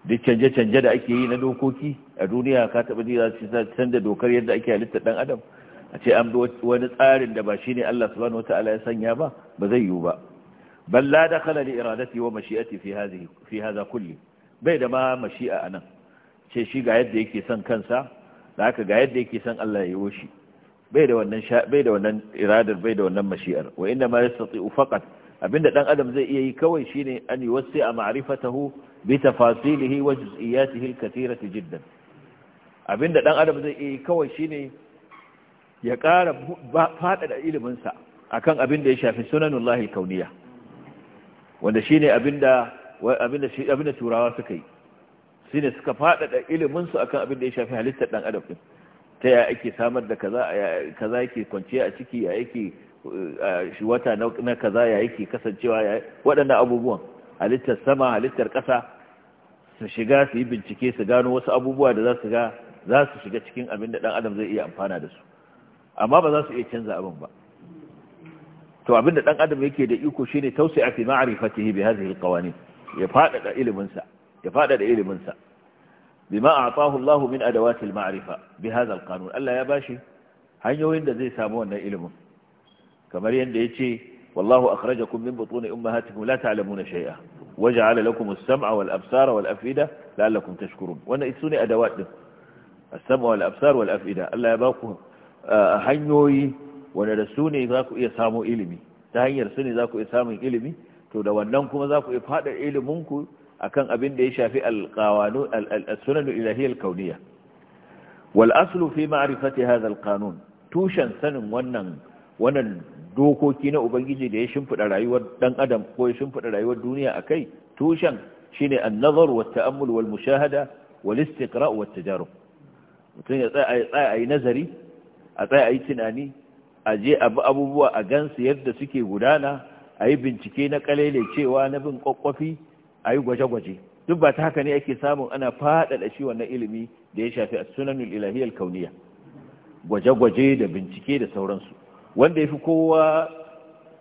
duk canje-canje da ake yi na dokoki a duniya ka taɓa ji za su canza dokar yadda ake halitta ɗan adam a ce an wani tsarin da ba shi ne Allah subhanahu wata'ala ya sanya ba ba zai yiwu ba bal la dakhala li iradati wa mashi'ati fi hadhihi fi hadha kulli bai da ma mashi'a anan ce shi ga yadda yake son kansa da haka ga yadda yake son Allah ya yi shi bai da wannan bai da wannan iradar bai da wannan mashi'ar wa inna ma yastati'u faqat abinda dan adam zai iya yi kawai shine an yuwassi a ma'rifatahu bi tafasilihi wa juz'iyatihi al-kathirati jiddan abinda dan adam zai iya yi kawai shine ya ƙara faɗaɗa iliminsa akan abin da ya shafi sunanullahi kauniya wanda shine abinda abinda shi abinda turawa suka yi shine suka faɗaɗa iliminsu akan abin da ya shafi halittar dan adam din ta ya ake samar da kaza kaza yake kwanciya a ciki ya yake shi wata na kaza ya yake kasancewa waɗannan abubuwan halittar sama halittar ƙasa su shiga su yi bincike su gano wasu abubuwa da za su ga za su shiga cikin abin da ɗan adam zai iya amfana da su amma ba za su iya canza abin ba to abin da ɗan adam yake da iko shi ne shine a fi ma'rifatihi bi hadhihi qawani ya faɗaɗa iliminsa ya faɗaɗa iliminsa bima a'tahu Allah min adawati al-ma'rifa bi hadha al-qanun Allah ya bashi hanyoyin da zai samu wannan ilimin kamar yadda ya ce wallahu akhrajakum min butuni ummahatikum la ta'lamuna shay'a waja'ala lakum as-sam'a wal absara wal afida la'allakum tashkurun wannan sune adawat din as-sam'a wal absar wal afida Allah ya baku ah, hanyoyi wanda da su ne za ku iya samu ilimi ta hanyar su ne za ku iya samun ilimi to da wannan kuma za ku iya faɗa iliminku akan abin da ya shafi alƙawanu al-sunanu ilahiyar kauniya wal aslu fi ma'rifati hadha al-qanun tushen sanin wannan wannan dokoki na ubangiji da ya shimfiɗa rayuwar dan adam ko ya shimfida rayuwar duniya akai tushen shine an-nazar wa ta'ammul wal mushahada wal istiqra' wa tajarub mutum ya tsaya a yi nazari a tsaya a tunani a je abubuwa a gansu yadda suke gudana a yi bincike na kalele cewa na bin kwakwafi a yi gwaje-gwaje duk ba ta haka ne ake samun ana faɗaɗa shi wannan ilimi da ya shafi a sunanul ilahiyar kauniya gwaje-gwaje da bincike da sauransu wanda ya fi kowa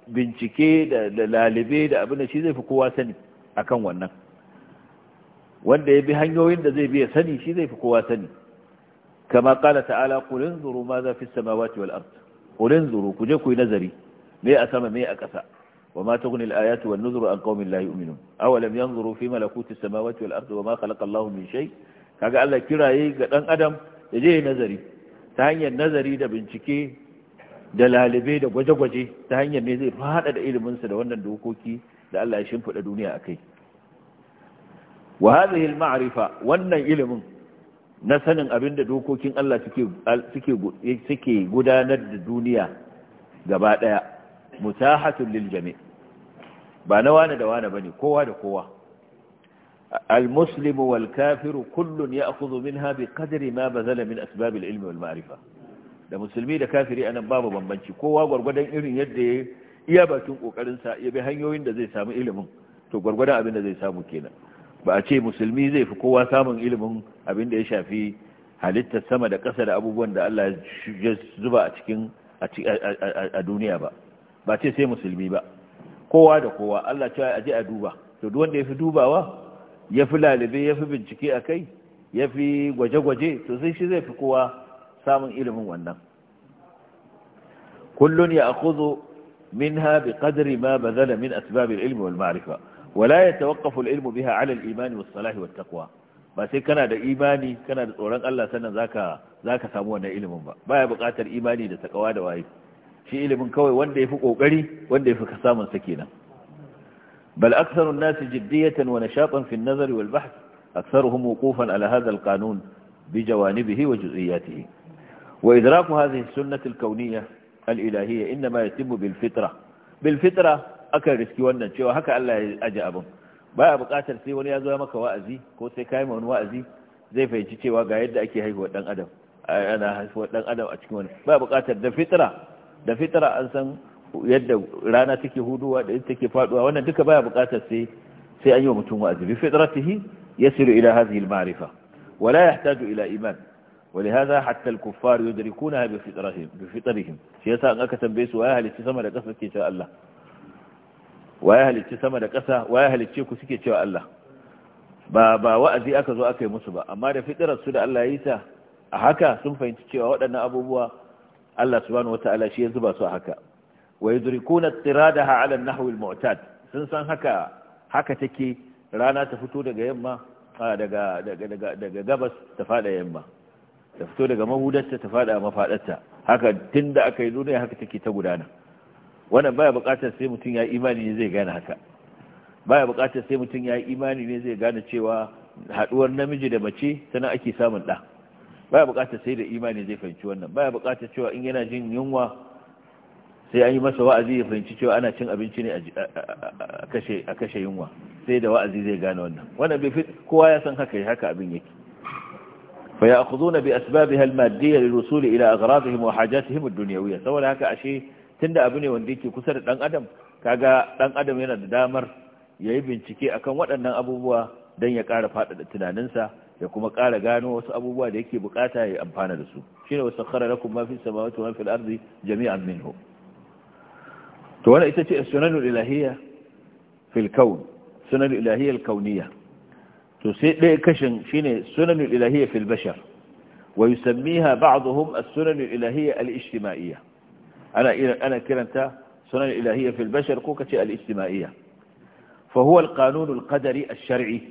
bincike da lalibe da abin da shi zai fi kowa sani akan wannan wanda ya bi hanyoyin da zai biya sani shi zai fi kowa sani kama kala ta'ala kulin zuru ma za fi samawati wal ard kulin zuru ku je ku yi nazari me a sama me a ƙasa wa ma tughni al ayatu wan nuzuru an qaumin layi yu'minun aw yan zuru fi malakuti samawati wal ard wa ma khalaqa Allahu min shay kaga Allah kiraye ga dan adam ya je nazari ta hanyar nazari da bincike da lalibe da gwaje-gwaje ta hanyar ne zai fada da iliminsa da wannan dokoki da Allah ya shimfiɗa duniya a kai wa hadhihi wannan ilimin na sanin abin da dokokin Allah suke suke gudanar da duniya gaba daya mutahatul lil jami' ba na wani da wani bane kowa da kowa al-muslimu wal kafiru kullun ya'khudhu minha biqadri ma bazala min asbab al wal ma'rifa da musulmi da kafiri a nan babu bambanci kowa gwargwadon irin yadda ya iya bakin sa ya bi hanyoyin da zai samu ilimin to gwargwadon abin da zai samu kenan ba a ce musulmi zai fi kowa samun ilimin abin da ya shafi halittar sama da ƙasa da abubuwan da Allah ya zuba a cikin a duniya ba ba ce sai musulmi ba kowa da kowa Allah cewa aje a duba to duk wanda ya fi dubawa ya fi lalibe ya fi bincike a kai ya fi gwaje-gwaje to sai shi zai fi kowa samun ilimin wannan kullun ya akhudhu minha biqadri ma bazala min asbab al-ilm ma'arifa. wala ya al-ilm biha 'ala imani wasu was-salah ba sai kana da imani kana da tsoron Allah sannan zaka ka samu wannan ilimin ba baya buƙatar imani da takawa da waye shi ilimin kawai wanda yafi kokari wanda ya fi samun sa kenan بل أكثر الناس جدية ونشاطا في النظر والبحث أكثرهم وقوفا على هذا القانون بجوانبه وجزئياته وإدراك هذه السنة الكونية الإلهية إنما يتم بالفطرة بالفطرة أكل رسكي wannan cewa haka Allah ya aje abin baya buƙatar sai wani ya zo maka wa'azi ko sai ma wani wa'azi zai fahimci cewa ga yadda ake haihuwar ɗan adam ana haihuwar dan adam a cikin wani baya buƙatar da fitra da fitra an san yadda rana take huduwa da yadda take faduwa wannan duka baya buƙatar sai sai an yi wa mutum wa'azi bi fitratihi yasiru ila hadhihi al-ma'rifa wala yahtaju ila iman ولهذا حتى الكفار يدركونها بفطرهم بفطرهم shi yasa an aka tambaye su waye halicci sama da ƙasa suke cewa Allah waye halicci sama da ƙasa waye halicci ku cewa Allah ba ba wa'azi aka zo aka yi musu ba amma da fitirar su da Allah ya yi ta a haka sun fahimci cewa waɗannan abubuwa Allah subhanahu wata'ala shi ya zuba su a haka wa yudrikuna tiradaha ala an-nahwi al-mu'tad sun san haka haka take rana ta fito daga yamma daga daga daga gabas ta fada yamma ta fito daga mahudarta ta fada a mafadarta haka tun da aka yi duniya haka take ta gudana wannan baya bukatar sai mutum ya imani ne zai gane haka baya bukatar sai mutum ya imani ne zai gane cewa haduwar namiji da mace tana ake samun da baya bukatar sai da imani zai fahimci wannan baya bukatar cewa in yana jin yunwa sai an yi masa wa'azi ya fahimci cewa ana cin abinci ne a kashe yunwa sai da wa'azi zai gane wannan wannan bai fi kowa ya san haka haka abin yake فيأخذون بأسبابها المادية للوصول إلى أغراضهم وحاجاتهم الدنيوية سوى لك أشي تند أبني وانديك كسر دان أدم كاقا دان أدم ينا دامر يبن شكي أكن وأن أبوبوا دان يكار فاتد تناننسا يقوم قال قانو وس أبوبوا ديكي بقاتا يأمبان رسو شين وسخر لكم ما في السماوات وما في الأرض جميعا منه تولى إتتي السنن الإلهية في الكون سنن الإلهية الكونية سي ده كشن شنو السنن الالهيه في البشر ويسميها بعضهم السنن الالهيه الاجتماعيه انا انا انت سنن الالهيه في البشر كوكتي الاجتماعيه فهو القانون القدري الشرعي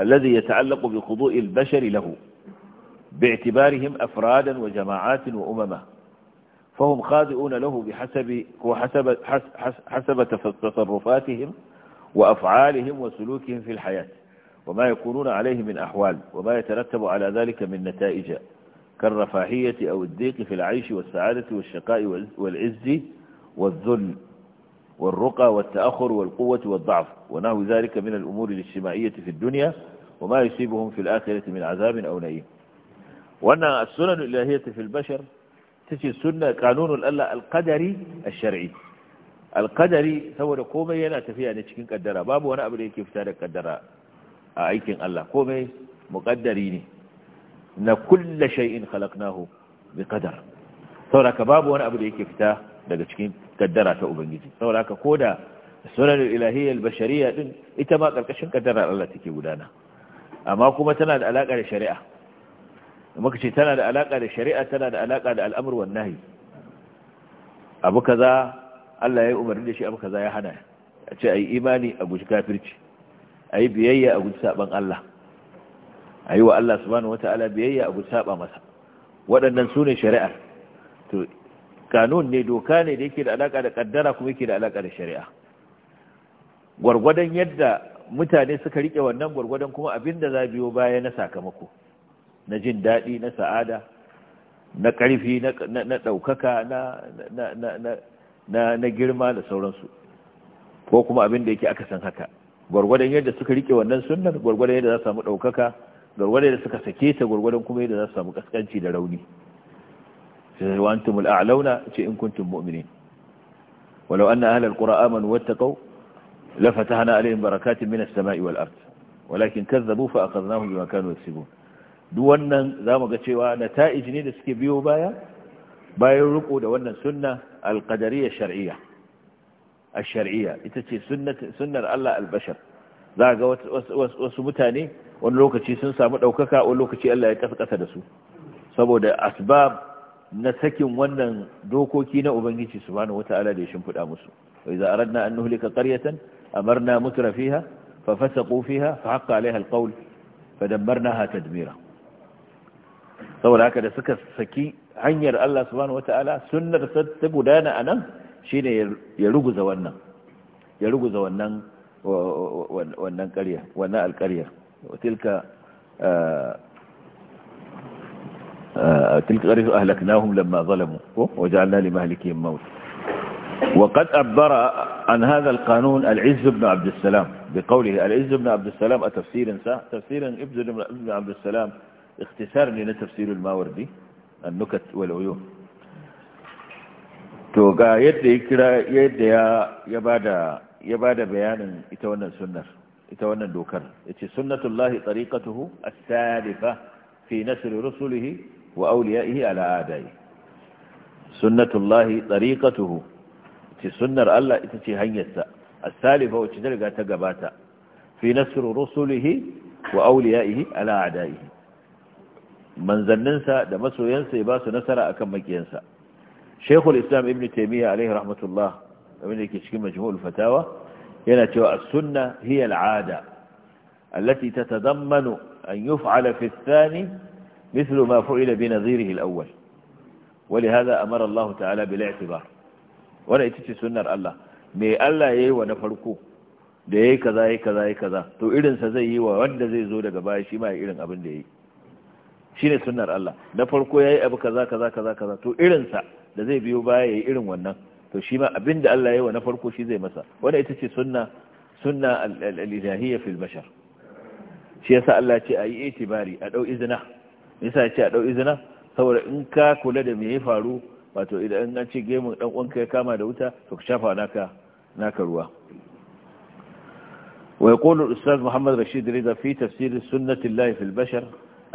الذي يتعلق بخضوع البشر له باعتبارهم افرادا وجماعات وامما فهم خاضعون له بحسب وحسب حسب تصرفاتهم وافعالهم وسلوكهم في الحياه وما يكونون عليه من أحوال وما يترتب على ذلك من نتائج كالرفاهية أو الضيق في العيش والسعادة والشقاء والعز والذل والرقى والتأخر والقوة والضعف ونحو ذلك من الأمور الاجتماعية في الدنيا وما يصيبهم في الآخرة من عذاب أو نئيم وأن السنن الإلهية في البشر تجي السنة قانون الله القدري الشرعي القدري ثور قومي ينا فيها نتشكين قدرها بابو وانا كيف تارك قدرها a aikin Allah komai muƙaddari ne na kulla shai'in khalaqnahu bi qadar sauraka babu wani abu da yake fita daga cikin kaddara ta ubangiji sauraka koda da ilahiyya al-bashariyya din ita ma karkashin kaddara Allah take gudana amma kuma tana da alaƙa da shari'a muka ce tana da alaƙa da shari'a tana da alaƙa da al'amr wan abu kaza Allah ya umarni da shi abu kaza ya hana ya ce yi imani a guji kafirci a yi biyayya a guji saɓan Allah a yi wa Allah subhanahu wata'ala biyayya a guji saɓa masa waɗannan su ne shari'ar to kanun ne doka ne da yake da alaƙa da ƙaddara kuma yake da alaƙa da shari'a gwargwadon yadda mutane suka riƙe wannan gwargwadon kuma abin da za biyo baya na sakamako na jin daɗi na sa'ada na ƙarfi na ɗaukaka na girma da sauransu ko kuma abin da yake aka san haka gwargwadon yadda suka rike wannan sunnar gwargwadon yadda za su samu daukaka gwargwadon da suka sake ta gwargwadon kuma yadda za su samu kaskanci da rauni sai wa antumul a'launa ce in kuntum mu'minin walau anna ahlal qura amanu wattaqu fatahna alaihim barakatin minas sama'i wal ard walakin kazzabu fa akhadnahum bima kanu yaksubun duk wannan zamu ga cewa nata'ij ne da suke biyo baya bayan ruku da wannan sunna al-qadariyya shar'iyyah A shariyya ita ce sunar Allah albashar za ga wasu mutane wani lokaci sun samu ɗaukaka wani lokaci Allah ya kasa da su saboda asbab na sakin wannan dokoki na ubangiji subhanahu wataala da ya shimfida musu wa idza aradna an nuhlika qaryatan amarna mutra fiha fa fasa fiha fa haqa Fa al-qawl fadammarnaha tadmira saboda haka da suka saki hanyar Allah subhanahu wataala sunnar ta gudana anan shine ya ruguza wannan ya ruguza wannan wannan ƙarya wannan alƙarya tilka تلك غرف أهلكناهم لما ظلموا وجعلنا لمهلكهم موت وقد أبر عن هذا القانون العز بن عبد السلام بقوله العز بن عبد السلام أتفسير سا تفسير ابن عبد السلام اختصار لنا تفسير الماوردي النكت والعيون to ga yadda ya kira yadda ya bada ya bada bayanin ita wannan sunnar ita wannan dokar yace sunnatullahi tariqatuhu as-salifa fi nasr rusulihi wa awliyaihi ala adai sunnatullahi tariqatuhu ce sunnar Allah ita ce hanyarsa as-salifa wacce ta riga ta gabata fi nasr rusulihi wa awliyaihi ala adai manzanninsa da masoyansa ya ba su nasara akan makiyansa shekul islam ibn taimiyya alaihi rahmatullah abinda ke cikin majmu'ul fatawa yana cewa a sunna hiya al-'ada allati tatadammanu an yuf'ala fi ath-thani mithlu ma fu'ila bi nadhirihi al-awwal ولهذا أمر الله تعالى بالاعتبار وانا اتتي سنر الله مي الله يي وانا فرقو da yayi kaza yayi kaza yayi kaza to irin zai yi wa wanda zai zo daga baya shi ma irin abin da yayi shine sunnar Allah da farko yayi abu kaza kaza kaza to irin da zai biyo baya ya yi irin wannan to shi ma abin da Allah yayi wa na farko shi zai masa wanda ita ce sunna sunna al-ilahiyya fil bashar shi yasa Allah ce ayi itibari a dau izina yasa ce a dau izina saboda in ka kula da me ya faru wato idan an ce gemun dan uwanka ya kama da wuta to ka shafa naka naka ruwa wa yaqulu ويقول الأستاذ محمد رشيد رضا في تفسير سنة الله في البشر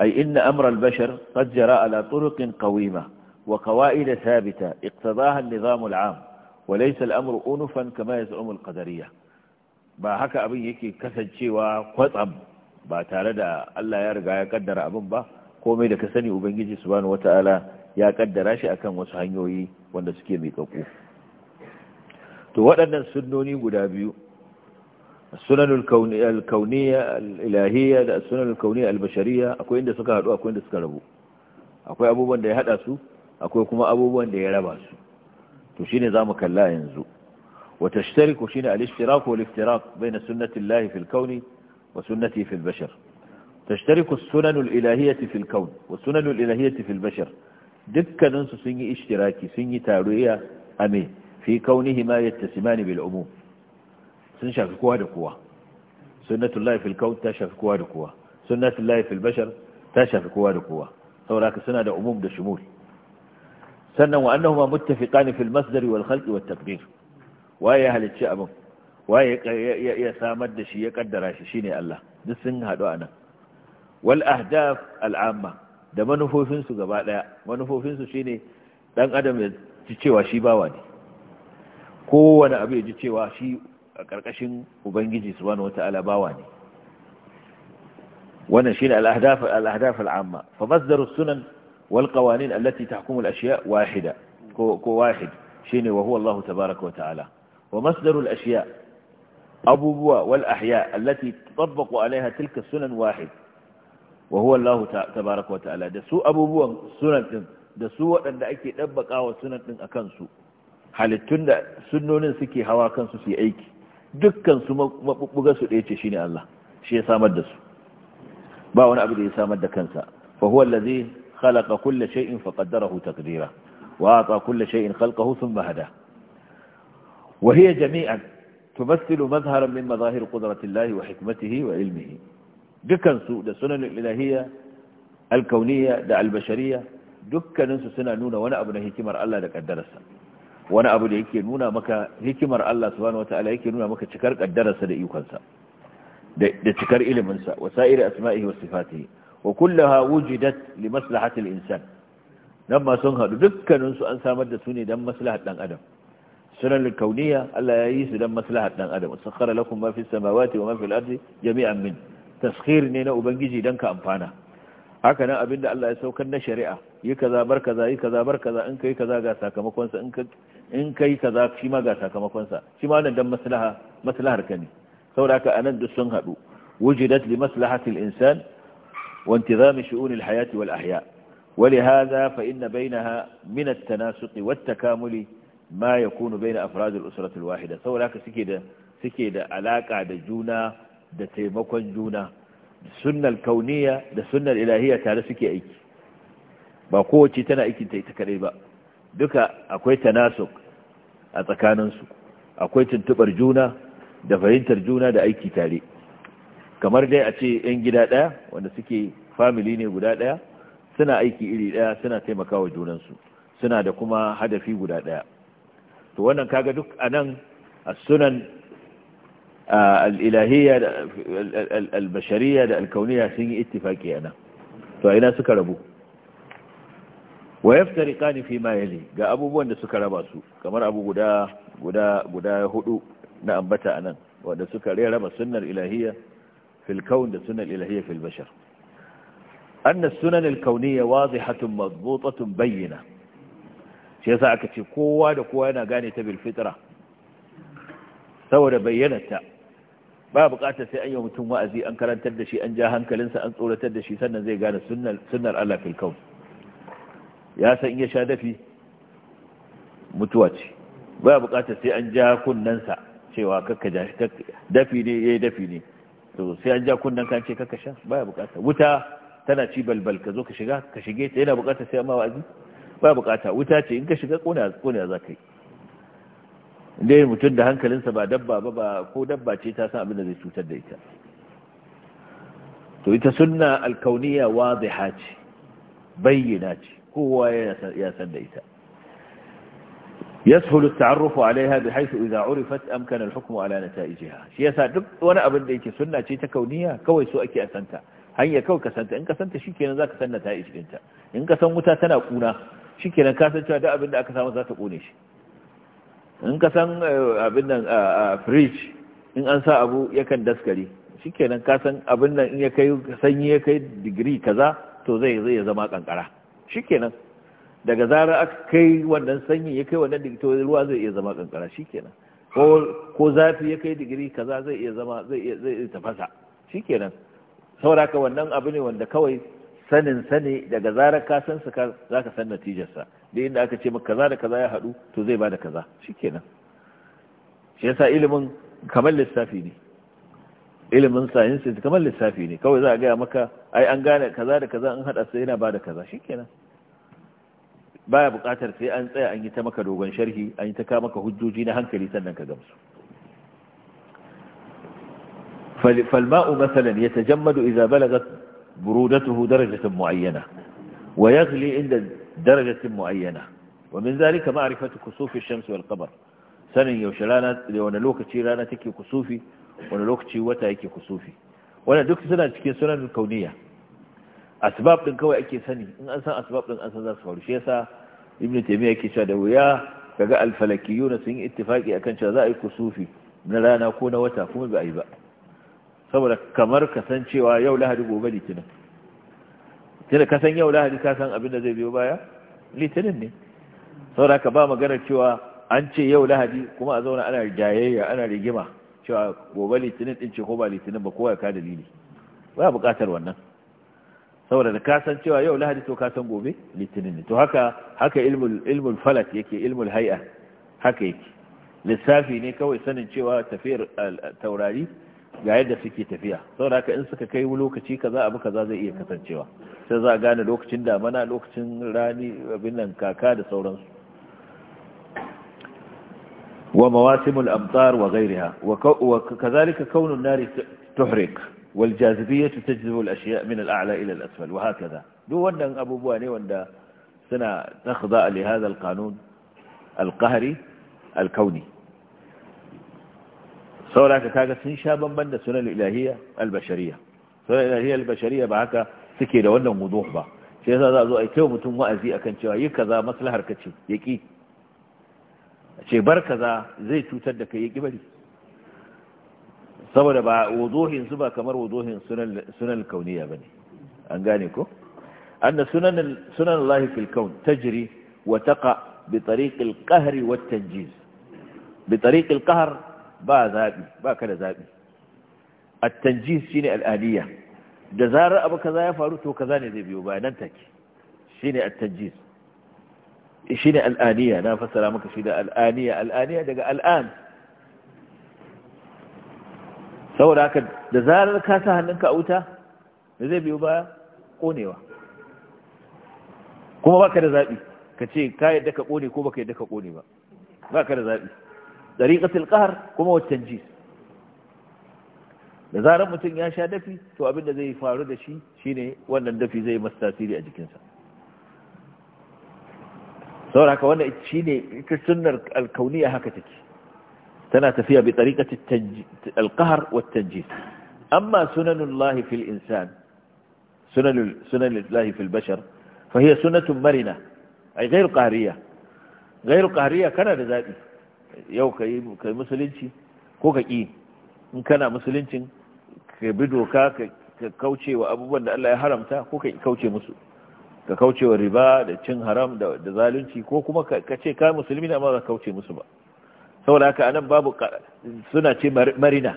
أي إن أمر البشر قد جرى على طرق قويمة وقواعد ثابتة اقتضاها النظام العام وليس الأمر أنفا كما يزعم القدرية ba haka abin yake kasancewa kwatsam ba tare da Allah ya riga ya kaddara abin ba komai da ka sani ubangiji subhanahu wataala ya kaddara shi akan wasu hanyoyi wanda suke kaku to waɗannan sunnoni guda biyu sunanul kauniyya al-ilahiyya da sunanul kauniyya al-bashariyya akwai inda suka haɗu akwai inda suka rabu akwai abubuwan da ya haɗa su akwai kuma abubuwan da ya raba su to shine zamu kalla yanzu wa tashtariku shine al-ishtirak wal iftirak bayna sunnati Allah fil kauni wa sunnati fil bashar tashtariku as-sunan al-ilahiyyah fil kaun wa sunan al-ilahiyyah fil bashar dukkanin su sun yi ishtiraki sun yi tarayya ame fi kaunihima yattasimani bil umum sun shafi kowa da kowa sunnatullahi fil kaun ta shafi kowa da kowa sunnatullahi fil bashar ta shafi kowa da kowa saboda suna da umum da shumul sannan wa annahuma muttafiqani fil masdari wal khalqi wat taqdir waye ya halicci abin waye ya samar da shi ya kaddara shi shine Allah duk sun hadu anan wal ahdaf al amma da manufofin su gaba daya manufofin su shine dan adam ya ji cewa shi bawa ne kowane abu ya ji cewa shi a karkashin ubangiji subhanahu wataala bawa ne wannan shine al ahdaf al ahdaf al amma fa masdaru sunan wal qawanin allati tahkumu al ashiya wahida ko ko wahid shine wa huwa Allah tabaaraka wa ta'ala wa masdaru al ashiya abubuwa wal ahya allati tatabaqu alaiha tilka sunan wahid wa huwa Allah tabaaraka wa ta'ala da su abubuwan sunan din da su waɗanda ake dabbakawa sunan din akan su halittun da sunnonin suke hawa kansu su yi aiki dukkan su mabubbuga su ɗaya ce shine Allah shi ya samar da su ba wani abu da ya samar da kansa خلق كل شيء فقدره تقديرا وأعطى كل شيء خلقه ثم هداه وهي جميعا تمثل مظهرا من مظاهر قدرة الله وحكمته وعلمه دكان سوء دا سنن الإلهية الكونية دا البشرية دكان سوء سنة نونة وانا أبنى هكمر الله دا كالدرسة وانا أبنى هكمر نونة مكا هكمر الله سبحانه وتعالى هكمر نونة مكا تشكر قدرسا ده يوكنسا ده تشكر إلمنسا وسائر أسمائه وصفاته wa kullaha wujidat li maslahatil insan nan ma sun hadu dukkanin an samar da su ne dan maslahat dan adam sunan kauniya Allah ya yi su dan maslahat dan adam sakhara lakum ma fis samawati wa ma fil jami'an min ne na ubangiji dan ka amfana haka nan abinda Allah ya saukar na shari'a yi kaza bar kaza yi kaza bar kaza in kai kaza ga sakamakon sa in in kai kaza shi ma ga sakamakon sa shi ma wannan dan maslaha maslahar ka ne saboda haka anan duk sun hadu wujidat li maslahatil insan وانتظام شؤون الحياة والأحياء ولهذا فإن بينها من التناسق والتكامل ما يكون بين أفراد الأسرة الواحدة لك سكيدة سكيدة علاقة دجونا دتيمكن جونا السنة الكونية السنة الإلهية تعالى سكي أيك باقوة تنا أيك تكريبا duka akwai tanasuk a tsakaninsu akwai tuntubar juna da fahimtar juna دا aiki tare kamar dai a ce 'yan gida ɗaya wanda suke famili ne guda ɗaya suna aiki iri ɗaya suna taimakawa junansu suna da kuma hadafi guda ɗaya to wannan kaga duk a nan a sunan al'ilahiyya da albashariya da alkauniya sun yi ittifaki a nan to a ina suka rabu tariƙa yaftariqani fi ma ga abubuwan da suka raba su kamar abu guda guda guda hudu na ambata a nan wanda suka raba sunnar ilahiyya fil kaun da sunan ilahiyya fil bashar anna sunan al-kauniyya wazihatun madbutatun bayyana shi aka ce kowa da kowa yana gane ta bil fitra saboda bayyanarta ba bukatar sai an yi mutum wa'azi an karantar da shi an ja hankalinsa an tsoratar da shi sannan zai gane sunnar Allah fil kaun ya san ya sha dafi mutuwa ce ba bukatar sai an ja kunnansa cewa kakka dafi ne yayi dafi ne to sai an ja kunnen ka ce kaka sha baya bukata wuta tana ci balbal ka zo ka shiga ka shige ta yana bukata sai amma wa'azi baya bukata wuta ce in ka shiga kona kona za ka yi dai mutum da hankalinsa ba dabba ba ba ko dabba ce ta san abin da zai cutar da ita to ita sunna alkauniya zai ce bayyana ce kowa ya san da ita yashulu ta'arrufu alaiha bi haythu idza urifat amkana al-hukmu ala nata'ijiha shi yasa duk wani abin da yake sunna ce ta kauniya kawai so ake asanta hanya kawai ka santa in ka santa shikenan zaka san nata'ij dinta in ka san wuta tana kuna shikenan ka san cewa duk abin da aka samu za ta kone shi in ka san abin nan fridge in an sa abu yakan daskare shikenan ka san abin nan in ya kai sanyi ya kai digiri kaza to zai zama kankara shikenan daga zarar aka kai wannan sanyi ya kai wannan digiri ruwa zai iya zama kankara shikenan ko ko zafi ya kai digiri kaza zai iya zama zai iya zai iya tafasa shikenan saboda ka wannan abu ne wanda kawai sanin sani daga zarar ka san sa zaka san natijarsa duk inda aka ce maka kaza da kaza ya hadu to zai bada kaza shikenan shi yasa ilimin kamar lissafi ne ilimin sayansi kamar lissafi ne kawai za a gaya maka ai an gane kaza da kaza an hada sai yana bada kaza shikenan baya buƙatar sai an tsaya an yi ta maka dogon sharhi an yi ta kama ka hujjoji na hankali sannan ka gamsu falma'u masalan ya tajammadu iza balaga burudatuhu darajatin mu'ayyana wa yaghli inda darajatin mu'ayyana wa min zalika ma'rifatu kusufi shamsi wal qamar sanin yaushe rana da lokaci rana take kusufi wani lokaci wata yake kusufi wannan duk suna cikin sunan kauniya asibab din kawai ake sani in an san asibab din an san za su faru shi yasa ibnu taymiya yake cewa da wuya kaga alfalakiyuna sun yi ittifaki akan cewa za a yi kusufi na rana ko na wata kuma ba a yi ba saboda kamar kasancewa yau lahadi gobe litinin tunda ka san yau lahadi ka san abin da zai biyo baya litinin ne saboda ka ba magana cewa an ce yau lahadi kuma a zauna ana jayayya ana rigima cewa gobe litinin din ce ko ba litinin ba kowa ya ka dalili ba buƙatar wannan saboda da ka cewa yau lahadi to ka gobe litinin to haka haka ilmul ilmul falak yake ilmul hay'a haka yake lissafi ne kawai sanin cewa tafiyar taurari ga yadda suke tafiya saboda haka in suka kai lokaci kaza abu kaza zai iya kasancewa sai za a gane lokacin damana lokacin rani abin nan kaka da sauransu wa mawasimul amtar wa ghayriha wa kazalika kaunun nari tuhrik والجاذبية تجذب الأشياء من الأعلى إلى الأسفل وهكذا دو وندن أبو بواني وندى سنة نخضاء لهذا القانون القهري الكوني سولا كتاكا سنشابا بند سنة الإلهية البشرية سنة الإلهية البشرية بعكا سكيرا وندن مضوح با شيخ هذا ذو أيتيو متن وأزي أكن شوا يكذا مسلح ركتش يكي شيخ بركذا زيتو تدك يكي بليس saboda ba wuduhin su ba kamar wuduhin sunan kauniya ne. an gane ko anna sunan sunan Allah fil kaun tajri wa taqa bi tariq al wa tanjiz bi tariq qahr ba zabi ba kada zabi at tanjiz shine al aliyya da zarar abu kaza ya faru to kaza ne zai biyo ba nan take shine at tanjiz shine al aliyya na fassara maka shi da al aliyya al aliyya daga al an saboda haka da zarar ka sa hannunka a wuta da zai biyo baya konewa kuma baka da zaɓi ka ce ka yadda ka kone ko baka yadda ka kone ba baka da zaɓi dariqatul qahr kuma waccan ji da zarar mutum ya sha dafi to abin da zai faru da shi shine wannan dafi zai masu tasiri a jikinsa saboda haka wannan shine ita sunnar alkauniya haka take tana tafiya bi tariqati al-qahr wa at-tanjis amma sunanullahi fil insan sunanul sunanullahi fil bashar fa hiya sunnatun marina ay ghayr qahriyah ghayr qahriyah kana da zabi yau kai kai musulunci ko ka ki in kana musuluncin ka bi doka ka kauce abubuwan da Allah ya haramta ko ka kauce musu ka kauce riba da cin haram da zalunci ko kuma ka ce ka musulmi amma ba kauce musu ba saboda haka anan babu suna ce marina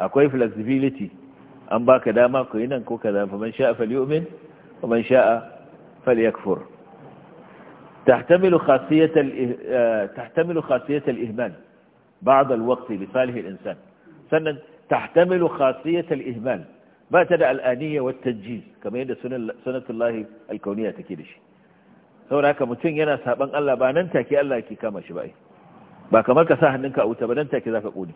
akwai flexibility an baka dama ku yi nan ko kaza fa man sha'a falyu'min wa man sha'a falyakfur tahtamilu khasiyata tahtamilu khasiyata al-ihmal ba'd al-waqt li salih al-insan sannan tahtamilu khasiyata al-ihmal ba ta da al'aniya wa tajjiz kamar yadda sunatullahi al-kauniyya take da shi saboda haka mutum yana saban Allah ba nan take Allah ke kama shi ba ba kamar ka sa hannunka a wuta ba dan take zaka kone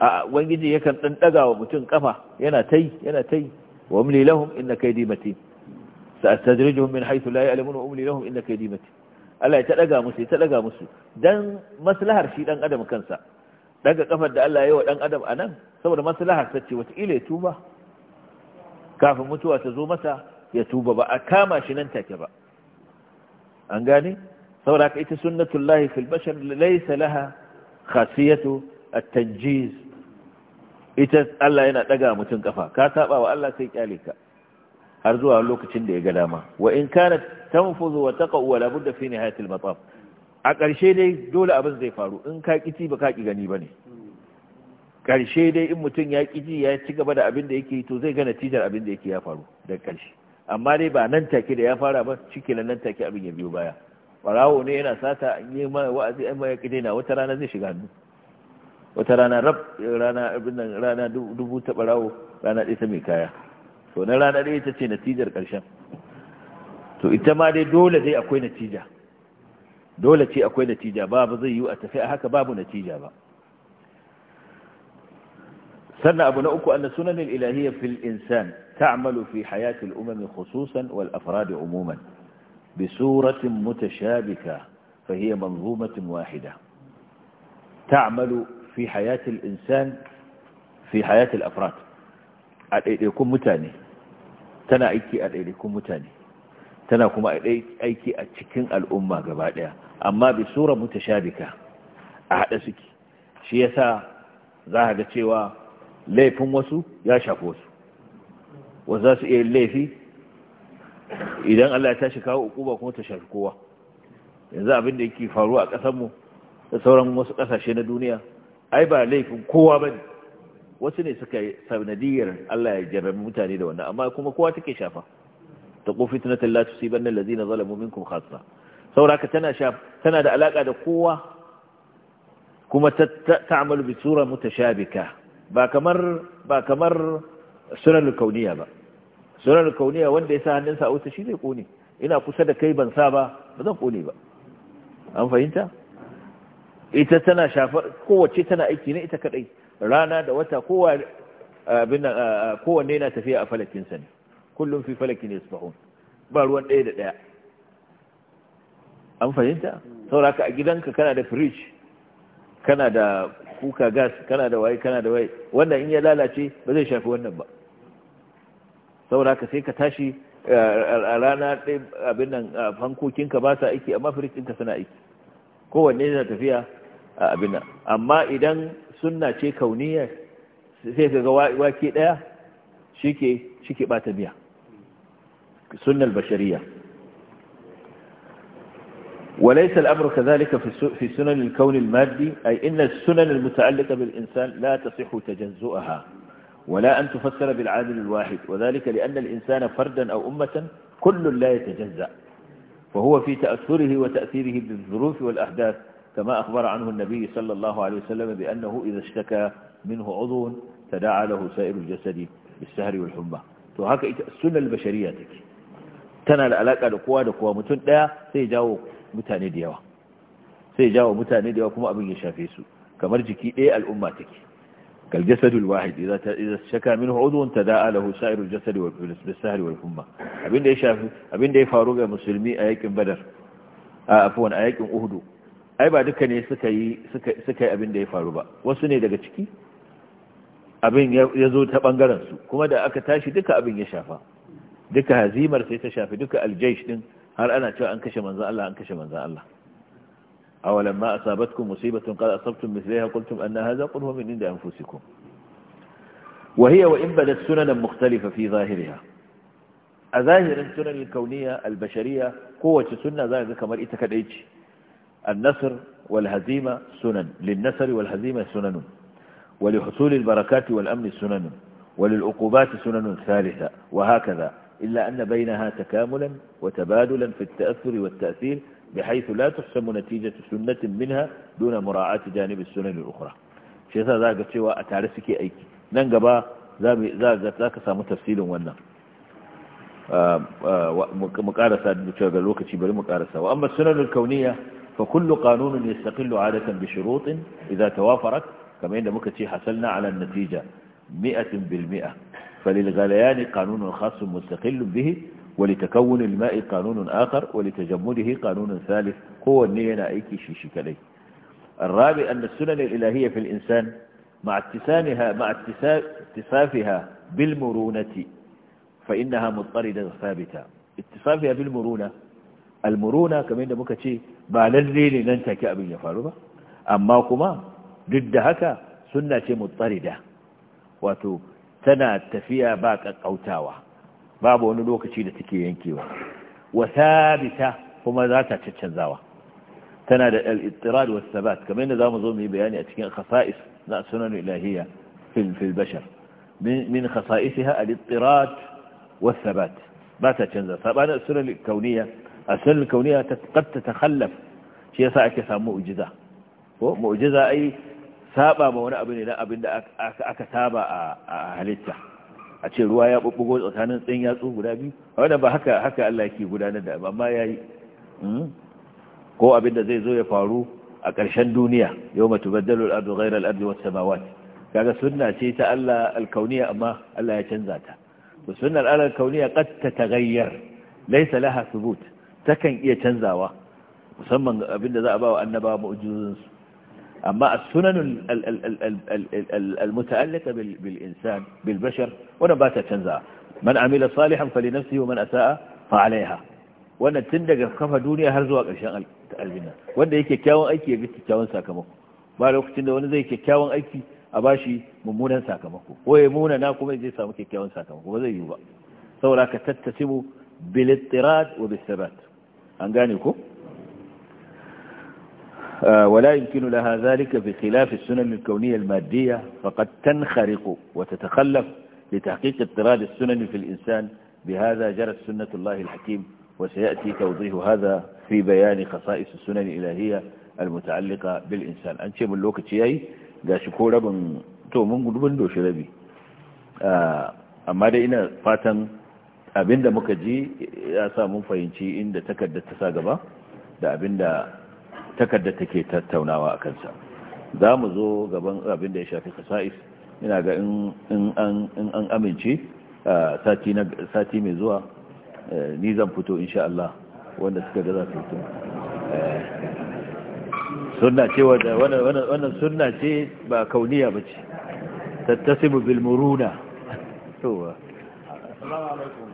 a ubangiji yakan dan daga wa mutum kafa yana tai yana tai wa umli lahum inna kaydi matin sa'astadrijuhum min haythu la ya'lamun wa umli lahum inna kaydi matin Allah ya ta daga musu ya ta daga musu dan maslahar shi dan adam kansa daga kafar da Allah ya yi wa dan adam anan saboda maslahar ta ce wata ila ya tuba kafin mutuwa ta zo masa ya tuba ba a kama shi nan take ba an gane saboda ka ita sunnatullahi fil bashar laysa laha khasiyatu at-tanjiz ita Allah yana daga mutun kafa ka saba wa Allah sai kyale ka har zuwa lokacin da ya ga dama wa in kanat tanfuzu wa taqwa wala budda fi nihayati al-mataf a ƙarshe dai dole abin zai faru in ka kici ba ka ki gani bane ƙarshe dai in mutum ya ƙiji ya ci gaba da abin da yake to zai ga natijar abin da yake ya faru daga ƙarshe amma dai ba nan take da ya fara ba cikin nan take abin ya biyo baya farawo ne yana sata an yi mai wa'azi an mai kide na wata rana zai shiga hannu wata rana rab rana abin rana dubu ta farawo rana ɗaya ta mai kaya to na rana ɗaya ta ce natijar ƙarshen to ita ma dai dole dai akwai natija dole ce akwai natija babu zai yi a tafi a haka babu natija ba sannan abu na uku anna sunan ilahiyya fil insan ta'malu fi hayatil umami khususan wal afradi umuman بسورة متشابكة فهي منظومة واحدة تعمل في حياة الإنسان في حياة الأفراد يكون متاني تنا أيكي أليل يكون متاني تنا كما أيكي أتشكين الأمة قبالها أما بسورة متشابكة أحدثك شيسا ذاهدت شوا ليفهم وسو يا شافوس وزاس إيه الليفي idan Allah ya tashi kawo ukuba kuma ta shafi kowa yanzu abin da yake faruwa a kasar mu da sauran wasu ƙasashe na duniya ai ba laifin kowa bane wasu ne suka yi sanadiyar Allah ya jarrabi mutane da wannan amma kuma kowa take shafa ta ko fitnatul la tusibanna allazina zalamu minkum khassa sauraka tana tana da alaka da kowa kuma ta'amalu bi sura mutashabika ba kamar ba kamar sunan kauniya ba sunan kauniya wanda ya sa hannunsa a wuta shi zai kone ina kusa da kai ban sa ba ba zan kone ba an fahimta ita tana shafar kowace tana aiki ne ita kadai rana da wata kowa abin kowanne yana tafiya a falakin sa ne kullum fi falakin yasbahun ba ruwan ɗaya da ɗaya an fahimta ka a gidanka kana da fridge kana da kuka gas kana da waye kana da waye wannan in ya lalace ba zai shafi wannan ba saboda haka sai ka tashi a rana ɗin abin nan fankokinka ba sa aiki amma firij ɗinka suna aiki kowanne yana tafiya a abin nan amma idan sunna ce kauniya sai ka ga wake ɗaya shi ke bata biya sunnal bashariya وليس الأمر كذلك في سنن الكون المادي أي إن السنن المتعلقة بالإنسان لا تصح تجزؤها ولا أن تفسر بالعامل الواحد وذلك لأن الإنسان فردا أو أمة كل لا يتجزأ فهو في تأثره وتأثيره بالظروف والأحداث كما أخبر عنه النبي صلى الله عليه وسلم بأنه إذا اشتكى منه عضو تداعى له سائر الجسد بالسهر والحمى to السنة البشرية تنا bashariya لقوة لقوة متن لا da متاني ديوا kowa متاني ديوا كما jawo mutane da yawa sai كالجسد الواحد إذا إذا شكى منه عضو تداعى له سائر الجسد بالسهر والحمى أبين دي شافي أبين دي فاروق مسلمي أيكم بدر أفون أيكم أهدو أي بعد كان يسكي سكي أبين دي فاروبا وسني daga ciki abin ya zo ta bangaren su kuma da aka tashi duka abin ya shafa duka hazimar sai ta shafi duka aljaish din har ana cewa an kashe manzon Allah an kashe manzon Allah أو لما أصابتكم مصيبة قد أصبتم مثلها قلتم أن هذا قل هو من عند أنفسكم وهي وإن بدت سننا مختلفة في ظاهرها أظاهر السنن الكونية البشرية قوة سنة ذلك كما رأيتك الإيجي النصر والهزيمة سنن للنصر والهزيمة سنن ولحصول البركات والأمن سنن وللعقوبات سنن ثالثة وهكذا إلا أن بينها تكاملا وتبادلا في التأثر والتأثير بحيث لا تحسم نتيجة سنة منها دون مراعاة جانب السنن الأخرى shi yasa za ga cewa a tare suke aiki nan gaba za ka samu tafsilin wannan mu karasa da ga lokaci bari mu karasa wa amma sunanin kauniya fa kullu qanunin yastaqillu adatan bi shurutin idza tawafarat kamar yadda muka ce hasalna ala natija mi'atin bil mi'a falil ghalayani qanunun khassun mustaqillun bihi ولتكون الماء قانون آخر ولتجمده قانون ثالث هو النينا أيكي شيشكلي الرابع أن السنن الإلهية في الإنسان مع اتسامها مع اتصافها بالمرونة فإنها مضطردة ثابتة اتصافها بالمرونة المرونة كما إن مكتشي بالليل ننتك أبن يفعلها أما كما ضد هكا سنة مضطردة وتنا تنا التفيا باك أوتاوه babu wani lokaci da take yankewa wa sabita kuma za ta caccanzawa tana da al-ittirad wa thabat kamar yadda zamu zo mu yi bayani a cikin khasa'is na sunan ilahiyya fil fil bashar min min khasa'isha al-ittirad wa thabat ba ta canza sabana sunan kauniyya sunan kauniyya ta qad tatakhallaf shi yasa ake samu mu'jiza ko mu'jiza ai saba ma wani abu ne na abin da aka saba a halitta a ce ruwa ya bubbugo tsakanin tsayin yatsu guda biyu a wannan ba haka haka Allah yake gudanar da amma yayi hmm? ko abin da zai zo ya faru a ƙarshen duniya yawma tubaddalu al-ardu ghayra al-ardi was-samawat kaga sunna ce ta Allah al-kauniyya amma Allah ya canza ta to sunnar Allah al-kauniyya qad tataghayyar laysa laha thubut takan iya canzawa musamman abin da za a ba wa annabawa mu'jizunsu أما السنن المتألقة بالإنسان بالبشر ونبات تنزع من عمل صالحا فلنفسه ومن أساء فعليها وانا تندق خفى دنيا هرزوك أشياء البناء وأن يكي كاوان أيكي يبت كاوان ساكمكو ما لوقت أنه وأن يكي كاوان أيكي أباشي ممونا ساكمكو ويمونا ناكم إذي سامكي ساكا ساكمكو وزي يوبا ثوراك تتسم بالاضطراد وبالثبات أنقانيكو آه، ولا يمكن لها ذلك بخلاف السنن الكونية المادية فقد تنخرق وتتخلف لتحقيق اضطراد السنن في الإنسان بهذا جرت سنة الله الحكيم وسيأتي توضيح هذا في بيان خصائص السنن الإلهية المتعلقة بالإنسان أنت من الوقت ياي ga shi من rabin من mun gudubin doshi rabi amma dai ina fatan abinda muka ji ya sa mun fahimci inda takardar ta sa gaba da takarda take tattaunawa a kansa za mu zo gaban abin da ya shafi kasa'is ina ga in an amince sati mai zuwa ni zan fito insha Allah wanda suka gaza fito sunna ce wannan sunna ce ba kauniya ba ce tattasimu bilmuruna to ba